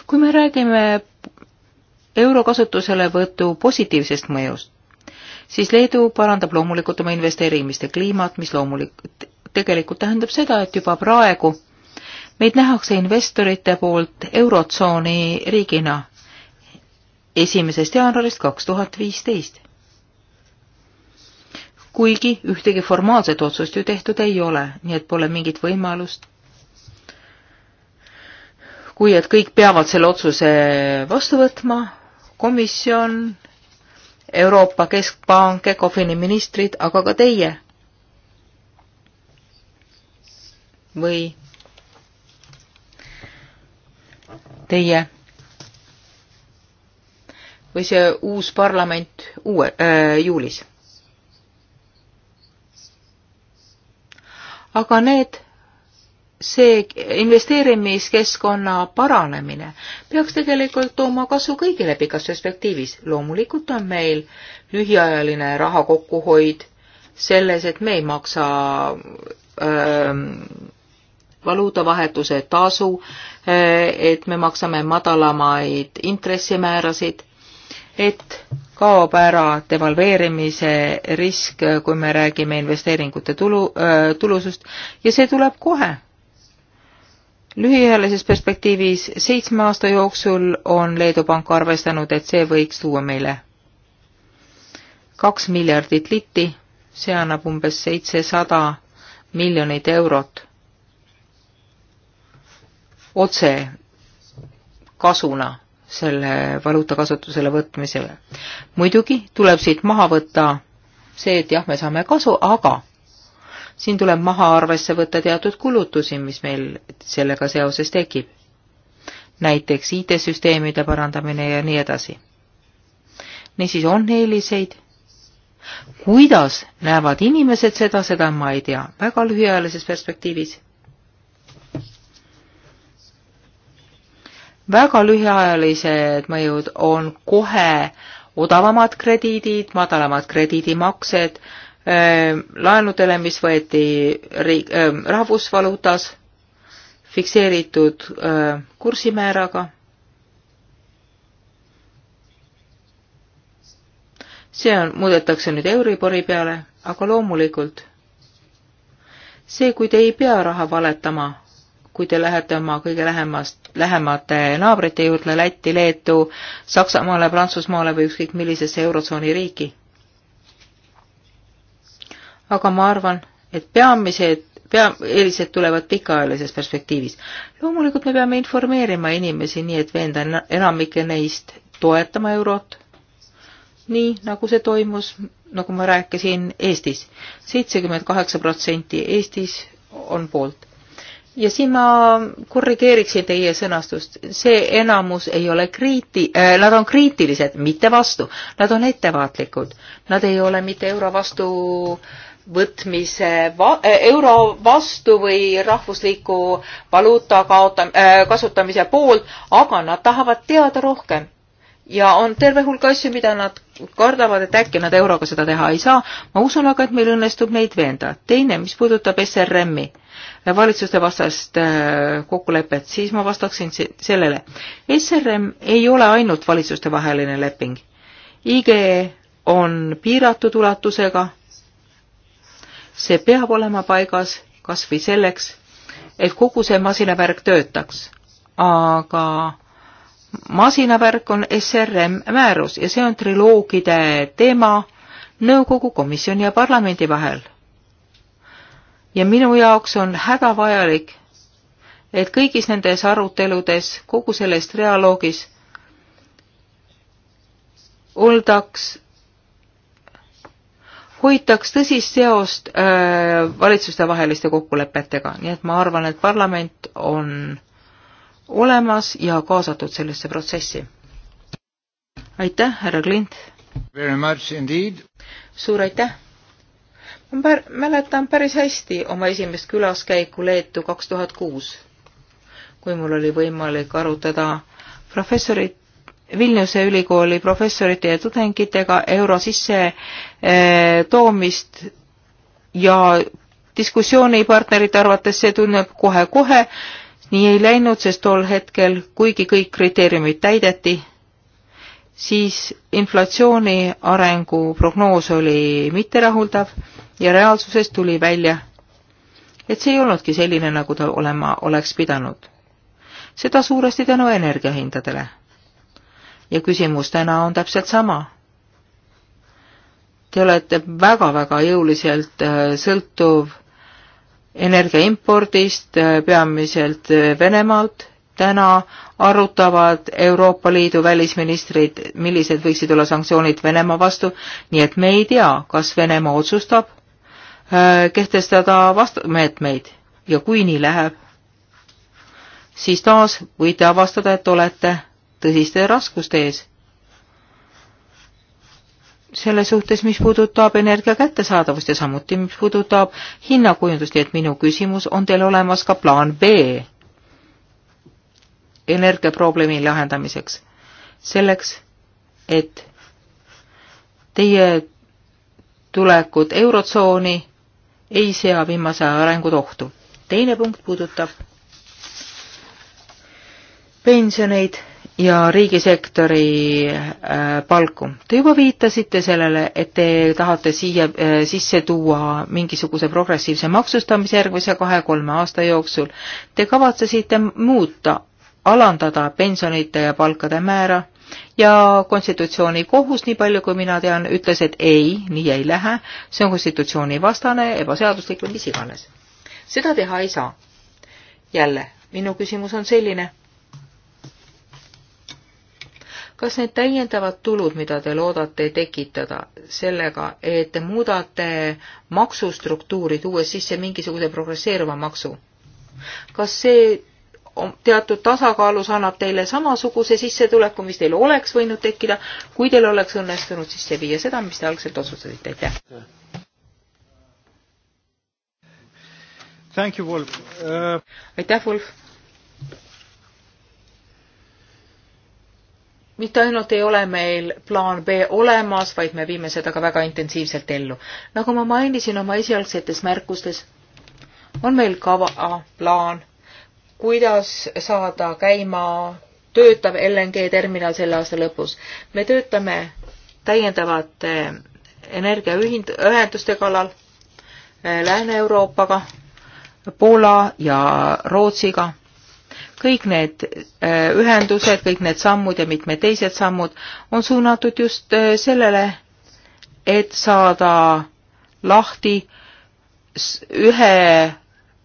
kui me räägime euro kasutuselevõtu positiivsest mõjust, siis Leedu parandab loomulikult oma investeerimiste kliimat, mis loomulikult tegelikult tähendab seda, et juba praegu meid nähakse investorite poolt Eurotsooni riigina esimesest jaanuarist kaks tuhat viisteist. kuigi ühtegi formaalset otsust ju tehtud ei ole, nii et pole mingit võimalust kui et kõik peavad selle otsuse vastu võtma, komisjon Euroopa Keskpank, ECOFIN-i ministrid, aga ka teie. või teie või see uus parlament uue äh,, juulis. aga need see investeerimiskeskkonna paranemine peaks tegelikult tooma kasu kõigile pikas perspektiivis. loomulikult on meil lühiajaline raha kokkuhoid selles, et me ei maksa öö, ähm, valuutavahetuse tasu, äh, et me maksame madalamaid intressimäärasid, et kaob ära devalveerimise risk, äh, kui me räägime investeeringute tulu, äh, tulusust ja see tuleb kohe lühiajalises perspektiivis seitsme aasta jooksul on Leedu Pank arvestanud, et see võiks tuua meile kaks miljardit litti, see annab umbes seitsesada miljonit eurot otse kasuna selle valuuta kasutusele võtmisele. muidugi tuleb siit maha võtta see, et jah, me saame kasu, aga siin tuleb maha arvesse võtta teatud kulutusi, mis meil sellega seoses tekib. näiteks IT-süsteemide parandamine ja nii edasi. niisiis on eeliseid. kuidas näevad inimesed seda, seda ma ei tea, väga lühiajalises perspektiivis. väga lühiajalised mõjud on kohe odavamad krediidid, madalamad krediidimaksed äh,, laenudele, mis võeti riik, rahvusvaluutas fikseeritud kursimääraga. see on, muudetakse nüüd Euribori peale, aga loomulikult see, kui te ei pea raha valetama, kui te lähete oma kõige lähemast, lähemate naabrite juurde Lätti, Leetu, Saksamaale, Prantsusmaale või ükskõik millisesse Eurotsooni riiki aga ma arvan, et peamised, pea-, eelised tulevad pikaajalises perspektiivis. loomulikult me peame informeerima inimesi nii, et veenda enamikke neist toetama eurot, nii nagu see toimus, nagu ma rääkisin, Eestis. seitsekümmend kaheksa protsenti Eestis on poolt ja siin ma korrigeeriksin teie sõnastust. see enamus ei ole kriiti- äh,, nad on kriitilised, mitte vastu. Nad on ettevaatlikud. Nad ei ole mitte euro vastu võtmise va äh, euro vastu või rahvusliku valuuta kaota- äh,, kasutamise poolt, aga nad tahavad teada rohkem. ja on terve hulk asju, mida nad kardavad, et äkki nad euroga seda teha ei saa. ma usun aga, et meil õnnestub neid veenda. teine, mis puudutab SRM-i, äh, valitsuste vastast äh, kokkulepet, siis ma vastaksin sellele. SRM ei ole ainult valitsuste vaheline leping. IGE on piiratud ulatusega see peab olema paigas kas või selleks, et kogu see masinavärk töötaks. aga masinavärk on SRM määrus ja see on triloogide teema nõukogu, komisjoni ja parlamendi vahel. ja minu jaoks on hädavajalik, et kõigis nendes aruteludes, kogu selles trialoogis oldaks hoitaks tõsist seost äh, valitsustevaheliste kokkulepetega, nii et ma arvan, et parlament on olemas ja kaasatud sellesse protsessi. aitäh, härra Klint! suur aitäh! ma pär-, mäletan päris hästi oma esimest külaskäiku Leetu kaks tuhat kuus, kui mul oli võimalik arutada professorit Vilniuse ülikooli professorite ja tudengitega euro sisse eh, toomist ja diskussioonipartnerite arvates see tunneb kohe-kohe, nii ei läinud, sest tol hetkel, kuigi kõik kriteeriumid täideti, siis inflatsiooni arengu prognoos oli mitterahuldav ja reaalsuses tuli välja, et see ei olnudki selline, nagu ta olema oleks pidanud. seda suuresti tänu energiahindadele ja küsimus täna on täpselt sama. Te olete väga-väga jõuliselt äh, sõltuv energia impordist, äh, peamiselt äh, Venemaalt. täna arutavad Euroopa Liidu välisministrid, millised võiksid olla sanktsioonid Venemaa vastu, nii et me ei tea, kas Venemaa otsustab kehtestada vastumeetmeid ja kui nii läheb, siis taas võite avastada, et olete tõsiste raskuste ees. selle suhtes, mis puudutab energia kättesaadavust ja samuti, mis puudutab hinnakujundust, nii et minu küsimus, on teil olemas ka plaan B energiaprobleemi lahendamiseks, selleks, et teie tulekut Eurotsooni ei sea viimase aja arengud ohtu. teine punkt puudutab pensioneid ja riigisektori äh, palku. Te juba viitasite sellele, et te tahate siia äh, sisse tuua mingisuguse progressiivse maksustamise järgmise kahe-kolme aasta jooksul. Te kavatsesite muuta, alandada pensionite ja palkade määra ja konstitutsiooni kohus, nii palju kui mina tean, ütles, et ei, nii ei lähe, see on konstitutsiooni vastane, ebaseaduslik või mis iganes. seda teha ei saa. jälle, minu küsimus on selline kas need täiendavad tulud, mida te loodate tekitada sellega, et te muudate maksustruktuuri, tuues sisse mingisuguse progresseeruva maksu, kas see teatud tasakaalus annab teile samasuguse sissetuleku, mis teil oleks võinud tekkida, kui teil oleks õnnestunud sisse viia seda, mis te algselt otsustasite, aitäh! Uh, aitäh, Wolf! mitte ainult ei ole meil plaan B olemas, vaid me viime seda ka väga intensiivselt ellu. nagu ma mainisin oma esialgsetes märkustes, on meil kava, plaan, kuidas saada käima töötav LNG terminal selle aasta lõpus. me töötame täiendavate energiaühind-, ühenduste kallal eh, Lääne-Euroopaga, Poola ja Rootsiga kõik need äh, ühendused, kõik need sammud ja mitmed teised sammud on suunatud just äh, sellele, et saada lahti ühe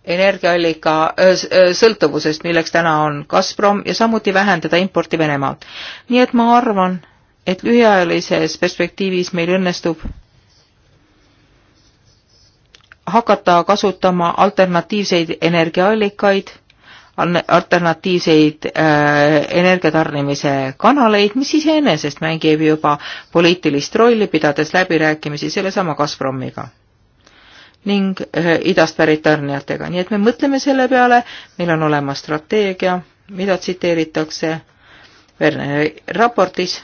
energiaallika äh, sõltuvusest, milleks täna on Gazprom ja samuti vähendada importi Venemaalt. nii et ma arvan, et lühiajalises perspektiivis meil õnnestub hakata kasutama alternatiivseid energiaallikaid alternatiivseid äh, energiatarnimise kanaleid, mis iseenesest mängib juba poliitilist rolli, pidades läbirääkimisi sellesama Gazpromiga ning äh, idast pärit tarnijatega, nii et me mõtleme selle peale, meil on olemas strateegia, mida tsiteeritakse Werneri raportis.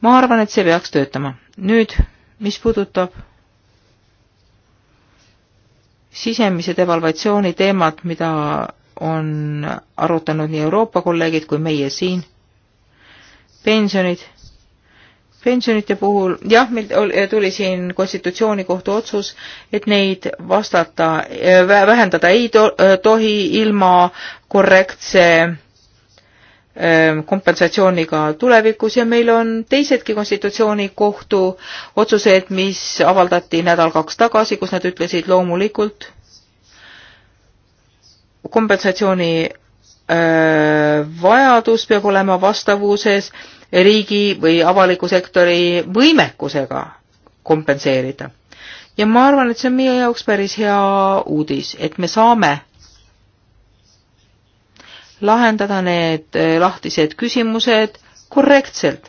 ma arvan, et see peaks töötama. nüüd, mis puudutab sisemise devalvatsiooni teemat, mida on arutanud nii Euroopa kolleegid kui meie siin. pensionid, pensionite puhul, jah, meil tuli siin konstitutsioonikohtu otsus, et neid vastata, vähendada ei tohi ilma korrektse Ähm, kompensatsiooniga tulevikus ja meil on teisedki konstitutsioonikohtu otsused, mis avaldati nädal-kaks tagasi, kus nad ütlesid loomulikult kompensatsiooni äh, vajadus peab olema vastavuses riigi või avaliku sektori võimekusega kompenseerida. ja ma arvan, et see on meie jaoks päris hea uudis, et me saame lahendada need eh, lahtised küsimused korrektselt.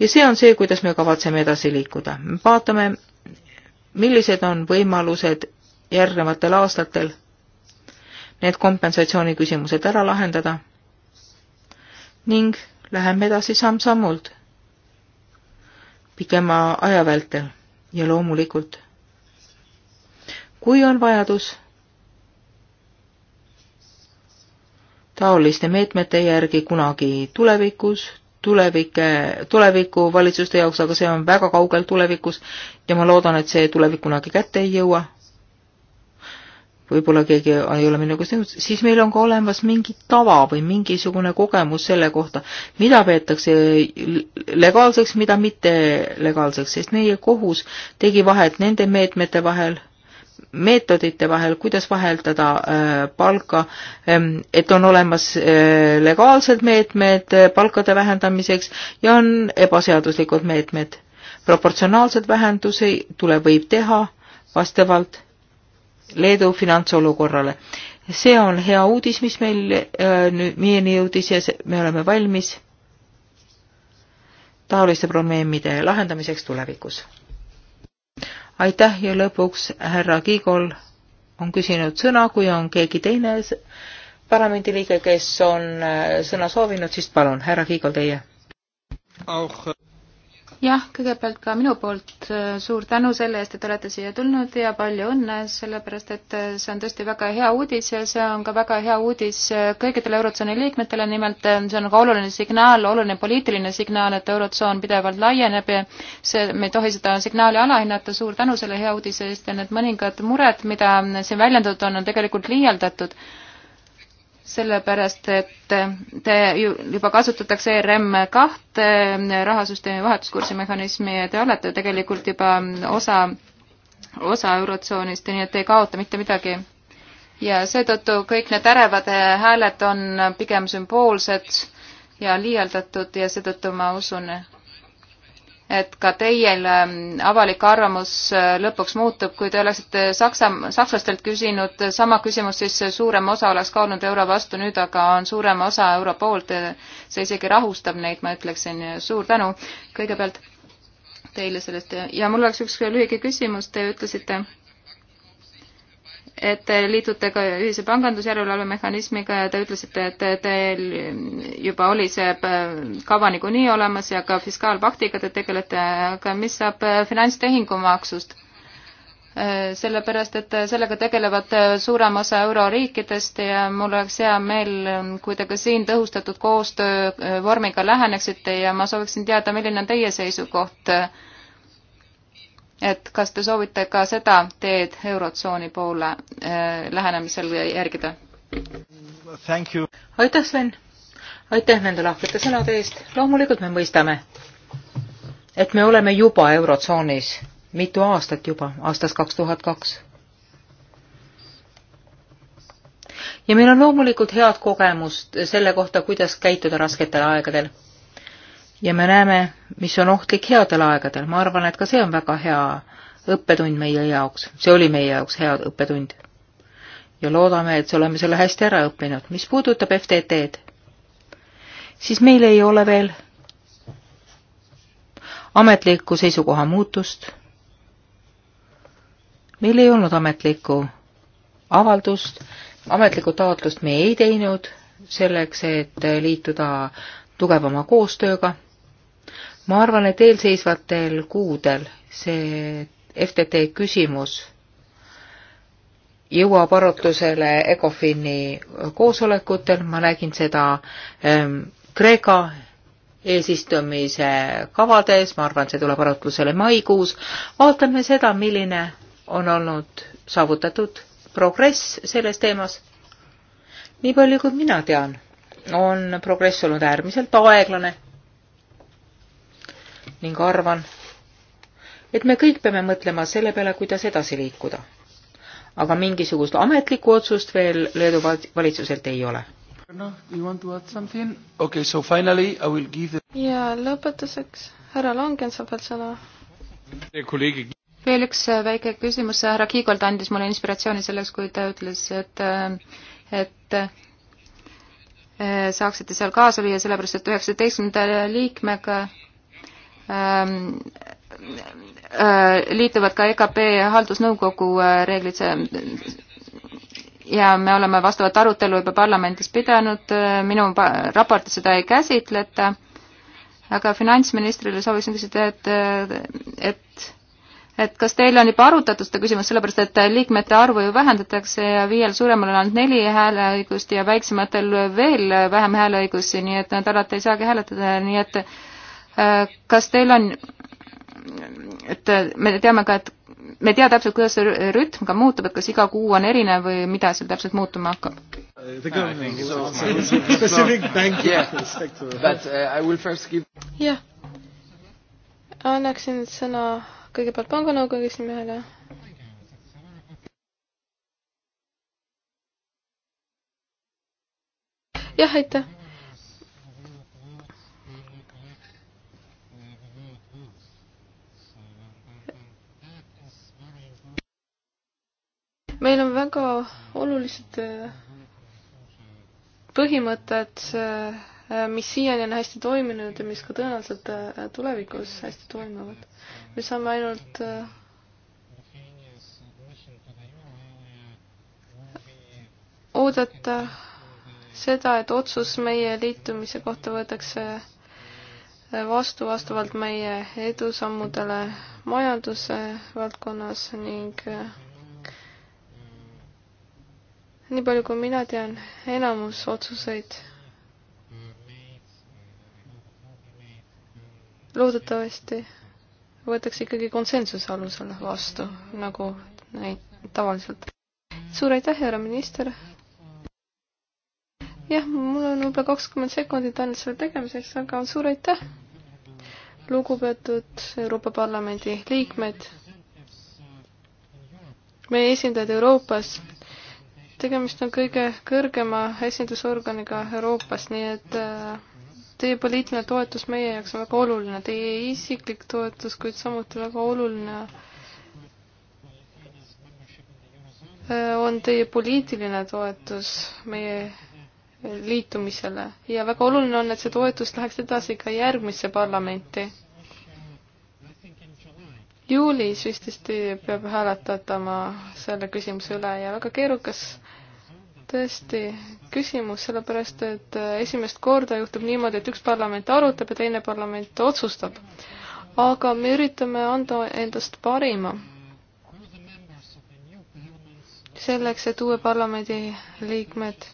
ja see on see, kuidas me kavatseme edasi liikuda. vaatame, millised on võimalused järgnevatel aastatel need kompensatsiooni küsimused ära lahendada ning läheme edasi samm-sammult, pikema aja vältel ja loomulikult, kui on vajadus taoliste meetmete järgi kunagi tulevikus, tulevike, tulevikuvalitsuste jaoks, aga see on väga kaugel tulevikus ja ma loodan, et see tulevik kunagi kätte ei jõua. võib-olla keegi ei ole minuga nõus, siis meil on ka olemas mingi tava või mingisugune kogemus selle kohta, mida peetakse legaalseks, mida mitte legaalseks, sest meie kohus tegi vahet nende meetmete vahel meetodite vahel, kuidas vaheldada äh, palka, ähm, et on olemas äh, legaalsed meetmed äh, palkade vähendamiseks ja on ebaseaduslikud meetmed. proportsionaalseid vähendusi tuleb, võib teha vastavalt Leedu finantsolukorrale. see on hea uudis, mis meil nüüd meieni jõudis ja me oleme valmis taoliste probleemide lahendamiseks tulevikus aitäh ja lõpuks härra Kiigol on küsinud sõna, kui on keegi teine parlamendiliige, kes on äh, sõna soovinud, siis palun, härra Kiigol, teie. Äh, jah, kõigepealt ka minu poolt äh, suur tänu selle eest, et olete siia tulnud ja palju õnne, sellepärast et äh, see on tõesti väga hea uudis ja see on ka väga hea uudis äh, kõikidele Eurotsooni liikmetele, nimelt see on ka oluline signaal, oluline poliitiline signaal, et Eurotsoon pidevalt laieneb ja see, me ei tohi seda signaali alahinnata, suur tänu selle hea uudise eest ja need mõningad mured, mida siin väljendatud on, on tegelikult liialdatud sellepärast, et te ju, juba kasutatakse ERM kahte eh, rahasüsteemi vahetuskursi mehhanismi ja te olete tegelikult juba osa, osa Eurotsoonist, nii et te ei kaota mitte midagi. ja seetõttu kõik need ärevad hääled on pigem sümboolsed ja liialdatud ja seetõttu ma usun, et ka teil ähm, avalik arvamus äh, lõpuks muutub, kui te oleksite Saksa, sakslastelt küsinud sama küsimust, siis suurem osa oleks ka olnud euro vastu, nüüd aga on suurem osa euro poolt. see isegi rahustab neid, ma ütleksin, suur tänu kõigepealt teile sellest ja mul oleks üks lühike küsimus, te ütlesite, et te liitute ka ühise pangandusjärelevalve mehhanismiga ja te ütlesite, et teil juba oli see äh, kava niikuinii olemas ja ka fiskaalpaktiga te tegelete, aga mis saab äh, finantstehingu maksust? Äh, sellepärast, et sellega tegelevad suurem osa euroriikidest ja mul oleks hea meel, kui te ka siin tõhustatud koostöö vormiga läheneksite ja ma sooviksin teada, milline on teie seisukoht äh, et kas te soovite ka seda teed Eurotsooni poole äh, lähenemisel järgida? aitäh, Sven! aitäh nende lahkete sõnade eest, loomulikult me mõistame, et me oleme juba Eurotsoonis, mitu aastat juba, aastast kaks tuhat kaks. ja meil on loomulikult head kogemust selle kohta, kuidas käituda rasketel aegadel ja me näeme, mis on ohtlik headel aegadel, ma arvan, et ka see on väga hea õppetund meie jaoks, see oli meie jaoks hea õppetund. ja loodame, et oleme selle hästi ära õppinud. mis puudutab FTT-d, siis meil ei ole veel ametlikku seisukoha muutust. meil ei olnud ametlikku avaldust, ametlikku taotlust me ei teinud selleks, et liituda tugevama koostööga ma arvan, et eelseisvatel kuudel see FTT küsimus jõuab arutusele ECOFIN-i koosolekutel, ma nägin seda ähm, Kreeka eesistumise kavades, ma arvan, see tuleb arutlusele maikuus. vaatame seda, milline on olnud saavutatud progress selles teemas. nii palju, kui mina tean, on progress olnud äärmiselt aeglane ning arvan, et me kõik peame mõtlema selle peale, kuidas edasi liikuda. aga mingisugust ametlikku otsust veel Leedu valitsuselt ei ole. Okay, so finally I will give the... ja lõpetuseks härra Langen saab veel sõna. veel üks äh, väike küsimus, härra Kiigold andis mulle inspiratsiooni selleks, kui ta ütles, et, äh, et äh, saaksite seal kaasa lüüa, sellepärast et üheksateistkümnenda liikmega Ähm, äh, liituvad ka EKP haldusnõukogu äh, reeglid ja me oleme vastavat arutelu juba parlamendis pidanud, äh, minu raportis seda ei käsitleta, aga finantsministrile soovisin küsida, et, et et kas teil on juba arutatud seda küsimust, sellepärast et liikmete arvu ju vähendatakse ja viiel suuremal on ainult neli hääleõigust ja väiksematel veel vähem hääleõigusi, nii et nad alati ei saagi hääletada, nii et äh, Äh, kas teil on, et äh, me teame ka, et me ei tea täpselt, kuidas see rütm ka muutub, et kas iga kuu on erinev või mida seal täpselt muutuma hakkab? jah, annaksin sõna kõigepealt panganõukogu esimehele. jah, aitäh meil on väga olulised äh, põhimõtted, äh, mis siiani on hästi toiminud ja mis ka tõenäoliselt äh, tulevikus hästi toimivad. me saame ainult oodata seda, et otsus meie liitumise kohta võetakse vastu vastavalt meie edusammudele majanduse valdkonnas ning nii palju kui mina tean, enamus otsuseid loodetavasti võetakse ikkagi konsensuse alusel vastu, nagu neid tavaliselt. suur aitäh, härra minister! jah, mul on võib-olla kakskümmend sekundit ainult selle tegemiseks, aga suur aitäh, lugupeetud Euroopa Parlamendi liikmed, meie esindajad Euroopas tegemist on kõige kõrgema esindusorganiga Euroopas, nii et äh, teie poliitiline toetus meie jaoks on väga oluline, teie isiklik toetus, kuid samuti väga oluline äh, on teie poliitiline toetus meie liitumisele ja väga oluline on, et see toetus läheks edasi ka järgmisse parlamenti juulis vististi peab hääletatama selle küsimuse üle ja väga keerukas tõesti küsimus, sellepärast et esimest korda juhtub niimoodi, et üks parlament arutab ja teine parlament otsustab. aga me üritame anda endast parima. selleks, et uue parlamendi liikmed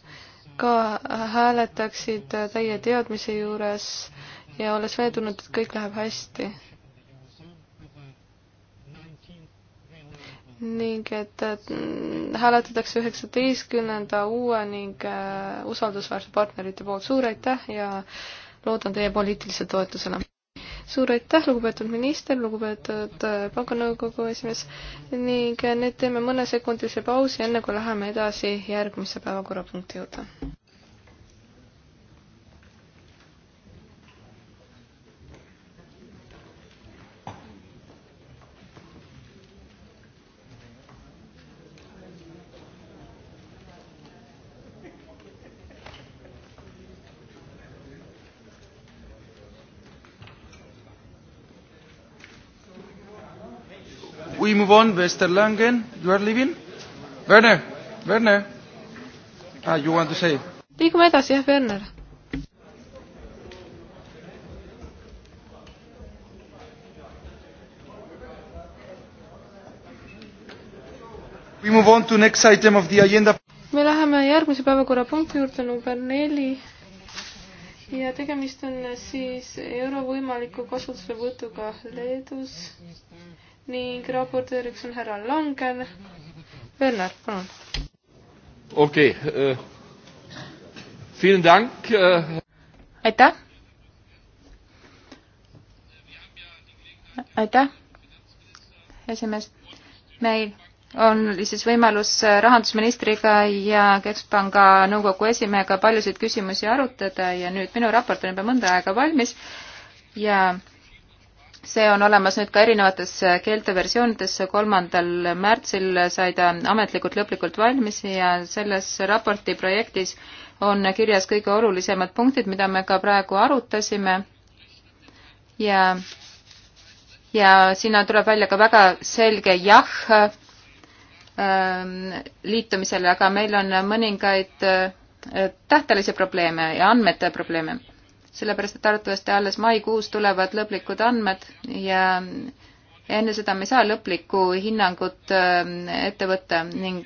ka hääletaksid täie teadmise juures ja olles veendunud, et kõik läheb hästi ning et, et mm, hääletatakse üheksateistkümnenda uue ning äh, usaldusväärse partnerite poolt. suur aitäh ja loodan teie poliitilisele toetusele. suur aitäh, lugupeetud minister, lugupeetud äh, panganõukogu esimees ning äh, nüüd teeme mõnesekundise pausi, enne kui läheme edasi järgmise päevakorrapunkti juurde. we move on. Mr. Langen, you are leaving? Werner, Werner. Ah, you want to say? liigume edasi, jah, Werner me läheme järgmise päevakorrapunkti juurde number neli ja tegemist on siis euro võimaliku kasutuselevõtuga Leedus ning raportööriks on härra Langen. Werner, palun. okei okay, äh,, eh, eh. aitäh. aitäh, esimees. meil on siis võimalus eh, rahandusministriga ja Keskpanga nõukogu esimehega paljusid küsimusi arutada ja nüüd minu raport on juba mõnda aega valmis ja see on olemas nüüd ka erinevates keelte versioonides, kolmandal märtsil sai ta ametlikult lõplikult valmis ja selles raporti projektis on kirjas kõige olulisemad punktid, mida me ka praegu arutasime ja, ja sinna tuleb välja ka väga selge jah ähm, liitumisele, aga meil on mõningaid äh, tähtelisi probleeme ja andmete probleeme sellepärast et arvatavasti alles maikuus tulevad lõplikud andmed ja enne seda me ei saa lõplikku hinnangut äh, ette võtta ning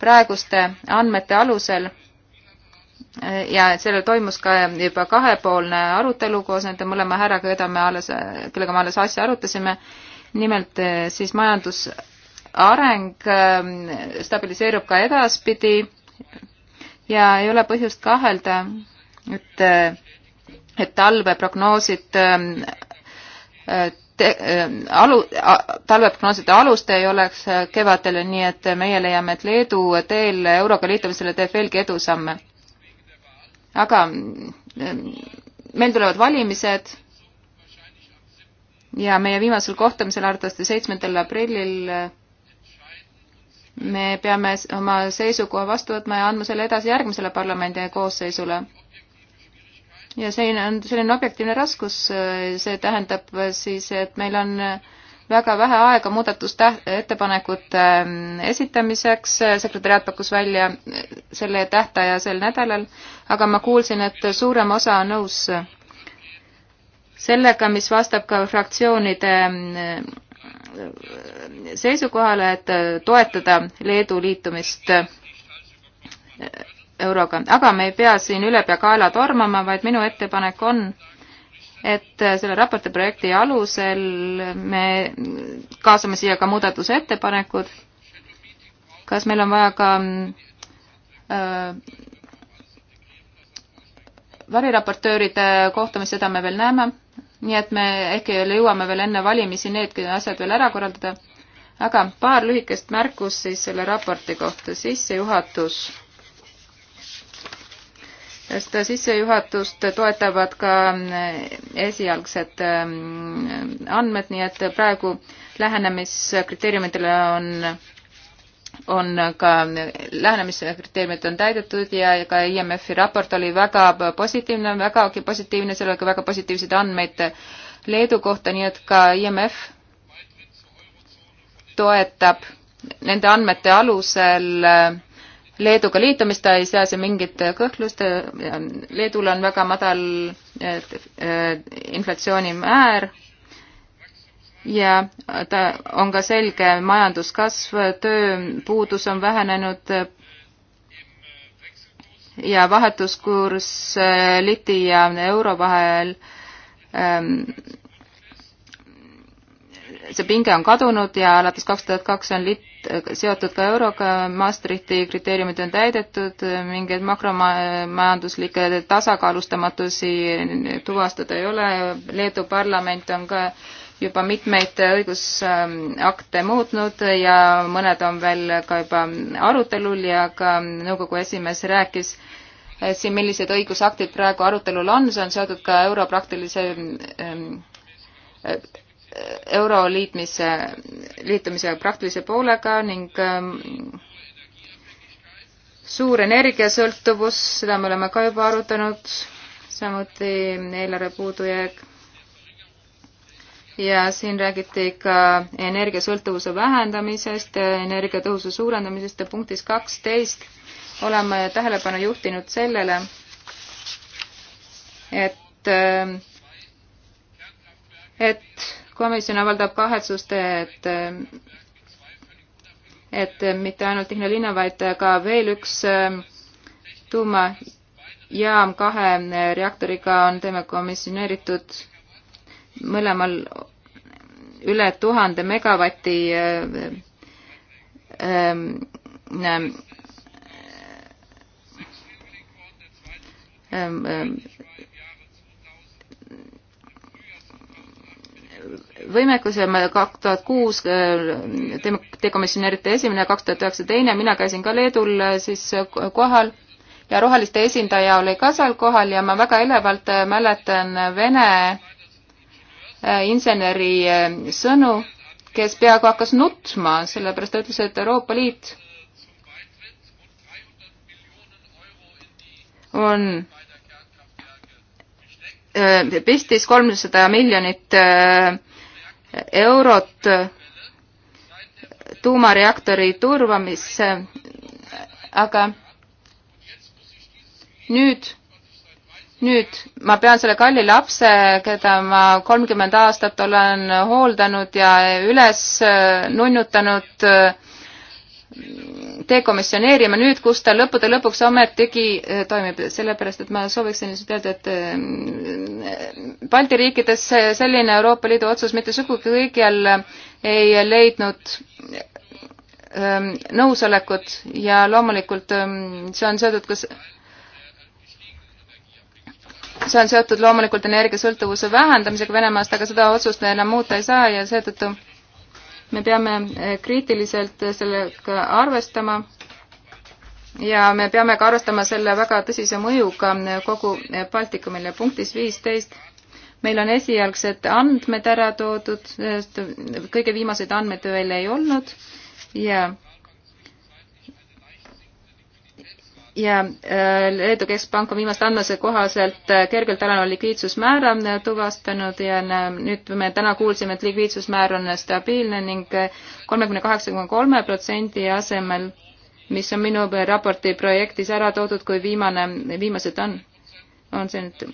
praeguste andmete alusel äh, ja sellel toimus ka juba kahepoolne arutelu koos nende mõlema härraga, keda me alles, kellega me alles asja arutasime, nimelt äh, siis majandusareng stabiliseerub ka edaspidi ja ei ole põhjust kahelda, et talveprognoosid ähm, äh, te, ähm, alu-, talveprognooside alust ei oleks äh, kevadel, nii et meie leiame, et Leedu teel euroga liitumisele teeb veelgi edusamme. aga ähm, meil tulevad valimised ja meie viimasel kohtumisel arvatavasti seitsmendal aprillil äh, me peame oma seisukoha vastu võtma ja andma selle edasi järgmisele parlamendi koosseisule ja selline on selline objektiivne raskus, äh, see tähendab äh, siis, et meil on äh, väga vähe aega muudatusettepanekute ähm, esitamiseks, sekretäriaat pakkus välja selle tähtaja sel nädalal, aga ma kuulsin, et suurem osa on nõus sellega, mis vastab ka fraktsioonide ähm, seisukohale, et toetada Leedu liitumist euroga, aga me ei pea siin ülepeakaela tormama, vaid minu ettepanek on, et selle raporti projekti alusel me kaasame siia ka muudatusettepanekud. kas meil on vaja ka äh, variraportööride kohtumist, seda me veel näeme, nii et me ehk jõuame veel enne valimisi need asjad veel ära korraldada. aga paar lühikest märkust siis selle raporti kohta, sissejuhatus seda sissejuhatust toetavad ka esialgsed ähm, andmed, nii et praegu lähenemiskriteeriumitele on, on ka, lähenemiskriteeriumid on täidetud ja ka IMF-i raport oli väga positiivne, vägagi positiivne, seal oli ka väga positiivseid andmeid Leedu kohta, nii et ka IMF toetab nende andmete alusel äh, Leeduga liitumist, ta ei sea siin mingit kõhklust, Leedul on väga madal äh, inflatsioonimäär ja ta on ka selge majanduskasv, tööpuudus on vähenenud ja vahetuskurss äh, liti ja euro vahel ähm, see pinge on kadunud ja alates kaks tuhat kaks on lit-, Äh, seotud ka euroga, Maastrichti kriteeriumid on täidetud, äh, mingeid makromajanduslikke tasakaalustamatusi tuvastada ei ole, Leedu parlament on ka juba mitmeid õigusakte muutnud ja mõned on veel ka juba arutelul ja ka nõukogu esimees rääkis äh, siin, millised õigusaktid praegu arutelul on, see on seotud ka europraktilise ähm, Euroliit, mis liitumise praktilise poolega ning ähm, suur energiasõltuvus, seda me oleme ka juba arutanud, samuti eelarve puudujääk. ja siin räägiti ka energiasõltuvuse vähendamisest, energiatõhususe suurendamisest ja punktis kaksteist oleme tähelepanu juhtinud sellele, et ähm, et komisjon avaldab kahetsust, et et mitte ainult Ignalina, vaid ka veel üks ähm, tuumajaam kahe reaktoriga on teeme komisjoneeritud mõlemal üle tuhande megavati ähm, ähm, võimekuse, kaks tuhat kuus dekomisjonärite äh, esimene, kaks tuhat üheksa teine, mina käisin ka Leedul äh, siis äh, kohal ja roheliste esindaja oli ka seal kohal ja ma väga elevalt mäletan vene inseneri sõnu, kes peaaegu hakkas nutma, sellepärast ta ütles, et Euroopa Liit on Äh, pestis kolmsada miljonit äh, eurot äh, tuumareaktori turvamisse, aga nüüd, nüüd ma pean selle kalli lapse, keda ma kolmkümmend aastat olen hooldanud ja üles nunnutanud äh, dekomisjoneerima nüüd, kus ta lõppude lõpuks ometigi eh, toimib, sellepärast et ma sooviksin lihtsalt öelda, et eh, Balti riikides selline Euroopa Liidu otsus mitte sugugi kõigil ei leidnud ehm, nõusolekut ja loomulikult ehm, see on seotud ka see on seotud loomulikult energiasõltuvuse vähendamisega Venemaast, aga seda otsust enam muuta ei saa ja seetõttu me peame eh, kriitiliselt eh, sellega arvestama ja me peame ka arvestama selle väga tõsise mõjuga eh, kogu Baltikumile. punktis viisteist meil on esialgsed andmed ära toodud, kõige viimaseid andmeid veel ei olnud ja ja äh, Leedu Keskpank on viimaste andmese kohaselt äh, kergelt alanud likviidsusmäära äh, tuvastanud ja nüüd me täna kuulsime, et likviidsusmäär on stabiilne ning kolmekümne kaheksa koma kolme protsendi asemel, mis on minu raporti projektis ära toodud, kui viimane, viimased on, on see nüüd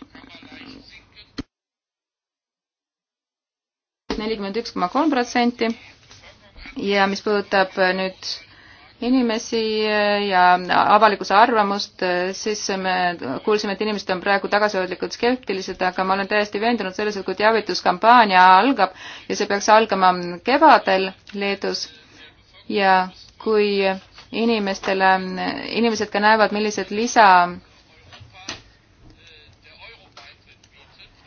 nelikümmend üks koma kolm protsenti ja mis puudutab nüüd inimesi äh, ja avalikkuse arvamust, äh, siis me kuulsime, et inimesed on praegu tagasihoidlikult skeptilised, aga ma olen täiesti veendunud selles, et kui teavituskampaania algab ja see peaks algama kevadel Leedus ja kui inimestele, inimesed ka näevad, millised lisa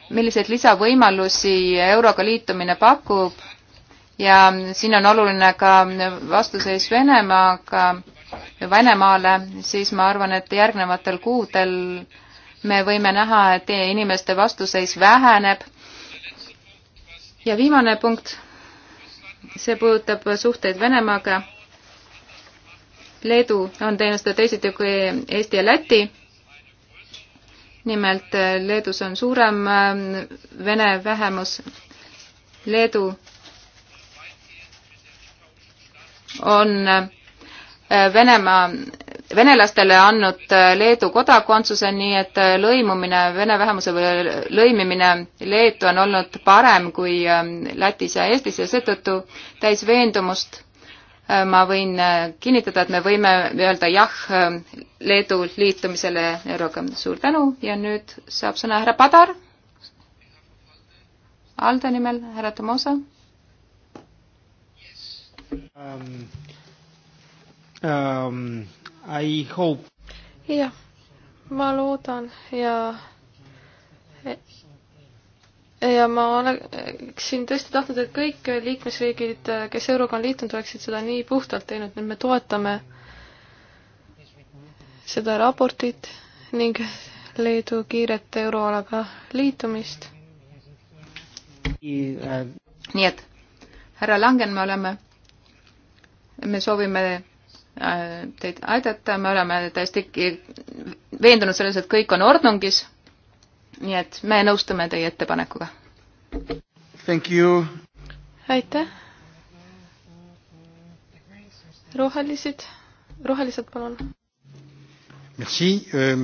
milliseid lisavõimalusi euroga liitumine pakub ja siin on oluline ka vastuseis Venemaaga, Venemaale, siis ma arvan, et järgnevatel kuudel me võime näha, et inimeste vastuseis väheneb. ja viimane punkt, see puudutab suhteid Venemaaga. Leedu on teinud seda teisiti kui Eesti ja Läti. nimelt Leedus on suurem äh, vene vähemus. Leedu on äh, Venemaa, venelastele andnud äh, Leedu kodakondsuse, nii et äh, lõimumine, vene vähemuse või lõimimine Leetu on olnud parem kui Lätis ja Eestis ja seetõttu täis veendumust ma võin kinnitada, et me võime öelda jah Leedu liitumisele euroga. suur tänu ja nüüd saab sõna härra Padar. Alde nimel, härra Tomosa um,. Um, I hope. jah, ma loodan ja ja ma oleksin tõesti tahtnud, et kõik liikmesriigid, kes euroga on liitunud, oleksid seda nii puhtalt teinud, nüüd me toetame seda raportit ning Leedu kiiret euroalaga liitumist. nii et härra Langen, me oleme me soovime äh, teid aidata, me oleme täiesti veendunud selles, et kõik on ordnungis. nii et me nõustume teie ettepanekuga. aitäh. rohelised, rohelised, palun. Merci euh,.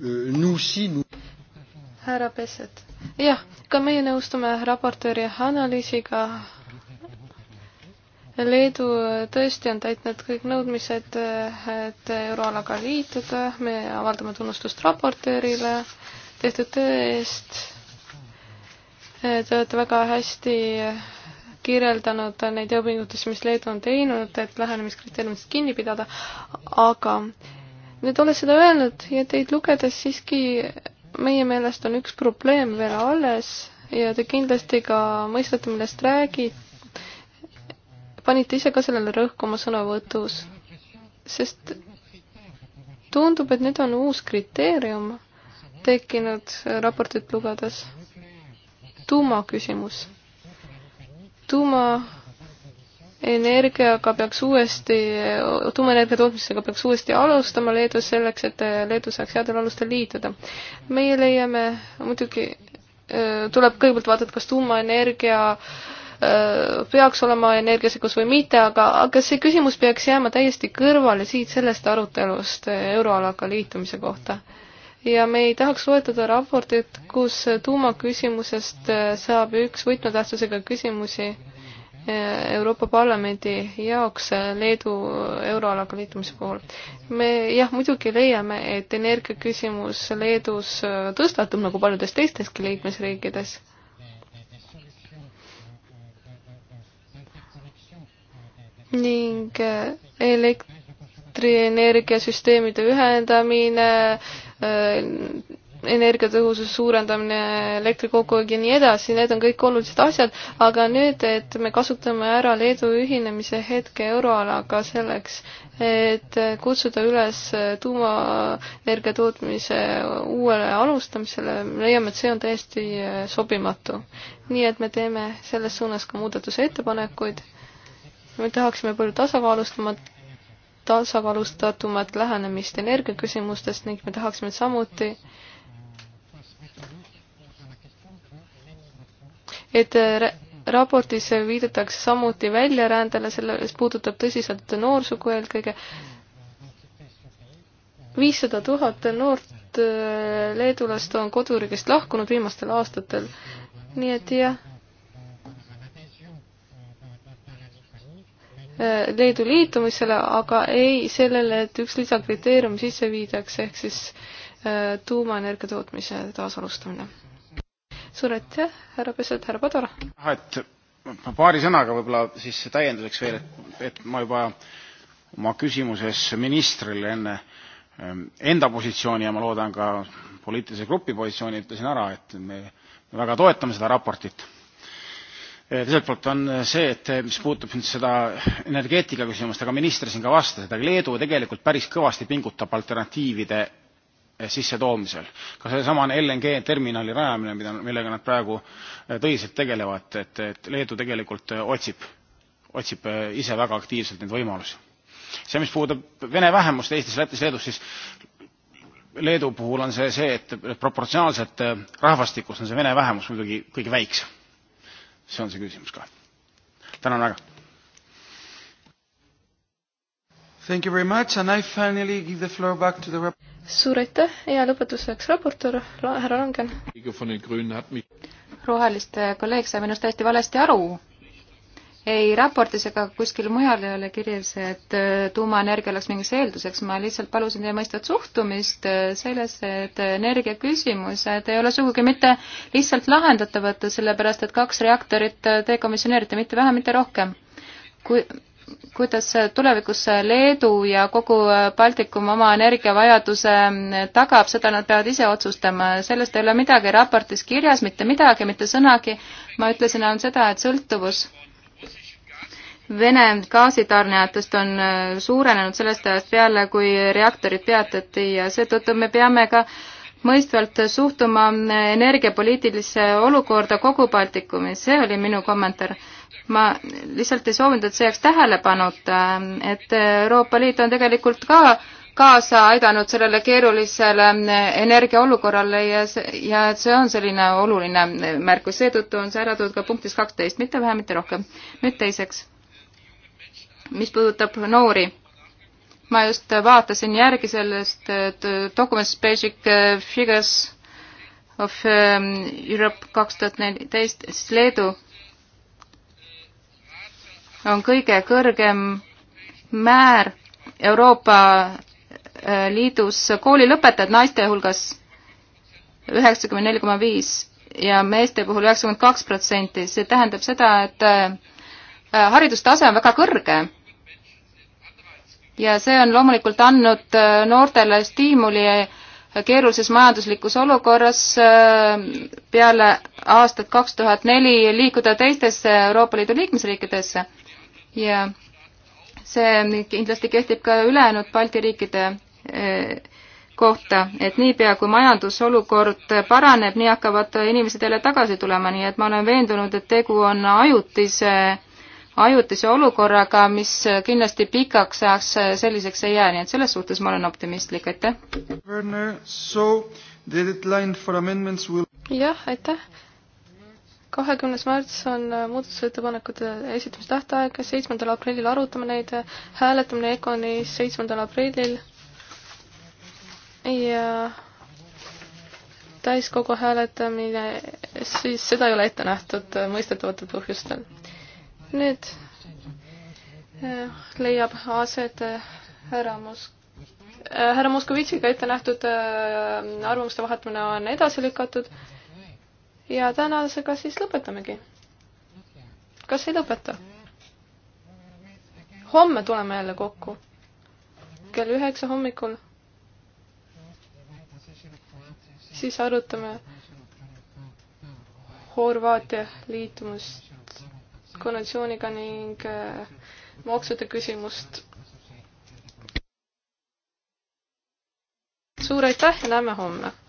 Euh, nous aussi, nous härra Pesset. jah, ka meie nõustume raportööri analüüsiga, Leedu äh, tõesti on täitnud kõik nõudmised, äh, et euroalaga liituda, me avaldame tunnustust raportöörile tehtud töö eest. Äh, te olete väga hästi kirjeldanud neid jõupingutusi, mis Leedu on teinud, et lähenemiskriteeriumist kinni pidada, aga nüüd olles seda öelnud ja teid lugedes siiski meie meelest on üks probleem veel alles ja te kindlasti ka mõistate, millest räägite panite ise ka sellele rõhku oma sõnavõtus, sest tundub, et nüüd on uus kriteerium tekkinud raportit lugedes. tuumaküsimus. tuumaenergiaga peaks uuesti, tuumaenergia tootmisega peaks uuesti alustama Leedus selleks, et Leedu saaks headel alustel liituda. meie leiame muidugi, tuleb kõigepealt vaadata, kas tuumaenergia äh, Äh, peaks olema energiasõgus või mitte, aga, aga see küsimus peaks jääma täiesti kõrvale siit sellest arutelust euroalaga liitumise kohta. ja me ei tahaks loetada raportit, kus tuumaküsimusest äh, saab üks võtmetähtsusega küsimusi äh, Euroopa Parlamendi jaoks Leedu euroalaga liitumise puhul. me jah, muidugi leiame, et energiaküsimus Leedus tõstatub nagu paljudes teisteski liikmesriikides ning eh, elektrienergiasüsteemide ühendamine, eh, energiatõhususe suurendamine, elektri kokkuhoid ja nii edasi, need on kõik olulised asjad, aga nüüd, et me kasutame ära Leedu ühinemise hetke euroalaga selleks, et kutsuda üles tuumaenergia tootmise uuele alustamisele, leiame, et see on täiesti eh, sobimatu. nii et me teeme selles suunas ka muudatusettepanekuid me tahaksime palju tasakaalustamat, tasakaalustatumat lähenemist energiaküsimustest ning me tahaksime samuti, et raportis viidatakse samuti väljarändele, selle, mis puudutab tõsiselt noorsugu eelkõige. viissada tuhat noort äh, leedulast on koduriigist lahkunud viimastel aastatel, nii et jah Äh, Leedu liitumisele, aga ei sellele, et üks lisakriteerium sisse viidaks, ehk siis äh, tuumaenergia tootmise taasalustamine. suur aitäh, härra Peset, härra Padar! et paari sõnaga võib-olla siis täienduseks veel, et, et ma juba oma küsimuses ministrile enne ähm, enda positsiooni ja ma loodan ka poliitilise grupi positsiooni ütlesin ära, et me väga toetame seda raportit Äh, teiselt poolt on äh, see, et äh, mis puudutab nüüd seda energeetika küsimust, aga minister siin ka vastas, et aga Leedu tegelikult päris kõvasti pingutab alternatiivide sissetoomisel. ka seesamane LNG terminali rajamine, mida, millega nad praegu tõsiselt tegelevad, et, et Leedu tegelikult otsib, otsib ise väga aktiivselt neid võimalusi. see, mis puudutab vene vähemust Eestis, Lätis, Leedus, siis Leedu puhul on see see, et proportsionaalselt rahvastikus on see vene vähemus muidugi kõige väiksem see on see küsimus ka. tänan väga. Thank you very much and I finally give the floor back to the suur aitäh ja lõpetuseks raportöör härra Langen. roheliste kolleeg sai minust täiesti valesti aru ei raportis ega kuskil mujal ei ole kirjas, et äh, tuumaenergia oleks mingiks eelduseks, ma lihtsalt palusin teie mõistvat suhtumist äh, sellesse, et energiaküsimused ei ole sugugi mitte lihtsalt lahendatavad, sellepärast et kaks reaktorit dekomisjoneeriti, äh, mitte vähem, mitte rohkem. kui, kuidas tulevikus Leedu ja kogu Baltikum oma energiavajaduse tagab, seda nad peavad ise otsustama, sellest ei ole midagi raportis kirjas, mitte midagi, mitte sõnagi. ma ütlesin ainult seda, et sõltuvus Vene gaasitarneatest on äh, suurenenud sellest ajast peale, kui reaktorid peatati ja seetõttu me peame ka mõistvalt suhtuma äh, energiapoliitilisse olukorda kogu Baltikumis, see oli minu kommentaar. ma lihtsalt ei soovinud, et see jääks tähelepanuta, äh, et Euroopa Liit on tegelikult ka kaasa aidanud sellele keerulisele energiaolukorrale ja see, ja et see on selline oluline märkus, seetõttu on see ära toodud ka punktis kaksteist, mitte vähem, mitte rohkem. nüüd teiseks mis puudutab noori, ma just vaatasin järgi sellest äh, dokumendist Basic äh, Figures of ähm, Europe kaks tuhat neliteist, siis Leedu on kõige kõrgem määr Euroopa äh, Liidus koolilõpetajad naiste hulgas üheksakümmend neli koma viis ja meeste puhul üheksakümmend kaks protsenti, see tähendab seda, et Äh, haridustase on väga kõrge ja see on loomulikult andnud äh, noortele stiimuli äh, keerulises majanduslikus olukorras peale aastat kaks tuhat neli liikuda teistesse Euroopa Liidu liikmesriikidesse ja see kindlasti kehtib ka ülejäänud Balti riikide kohta, et niipea kui majandusolukord paraneb, nii hakkavad inimesed jälle tagasi tulema, nii et ma olen veendunud, et tegu on ajutise ajutise olukorraga, mis kindlasti pikaks ajaks selliseks ei jää, nii et selles suhtes ma olen optimistlik, aitäh. jah, aitäh. kahekümnes märts on äh, muudatusettepanekute esitamise tähtaeg, seitsmendal aprillil arutame neid, hääletamine EKONis seitsmendal aprillil ja täiskogu hääletamine, siis seda ei ole ette nähtud mõistetavatel põhjustel nüüd eh, leiab aset eh, härra Mosk-, eh, härra Moskovitšiga ette nähtud arvamuste vahetamine on edasi lükatud ja tänasega siis lõpetamegi. kas ei lõpeta? homme tuleme jälle kokku kell üheksa hommikul. siis arutame Horvaatia liitumist konventsiooniga ning äh, maksude küsimust. suur aitäh ja näeme homme!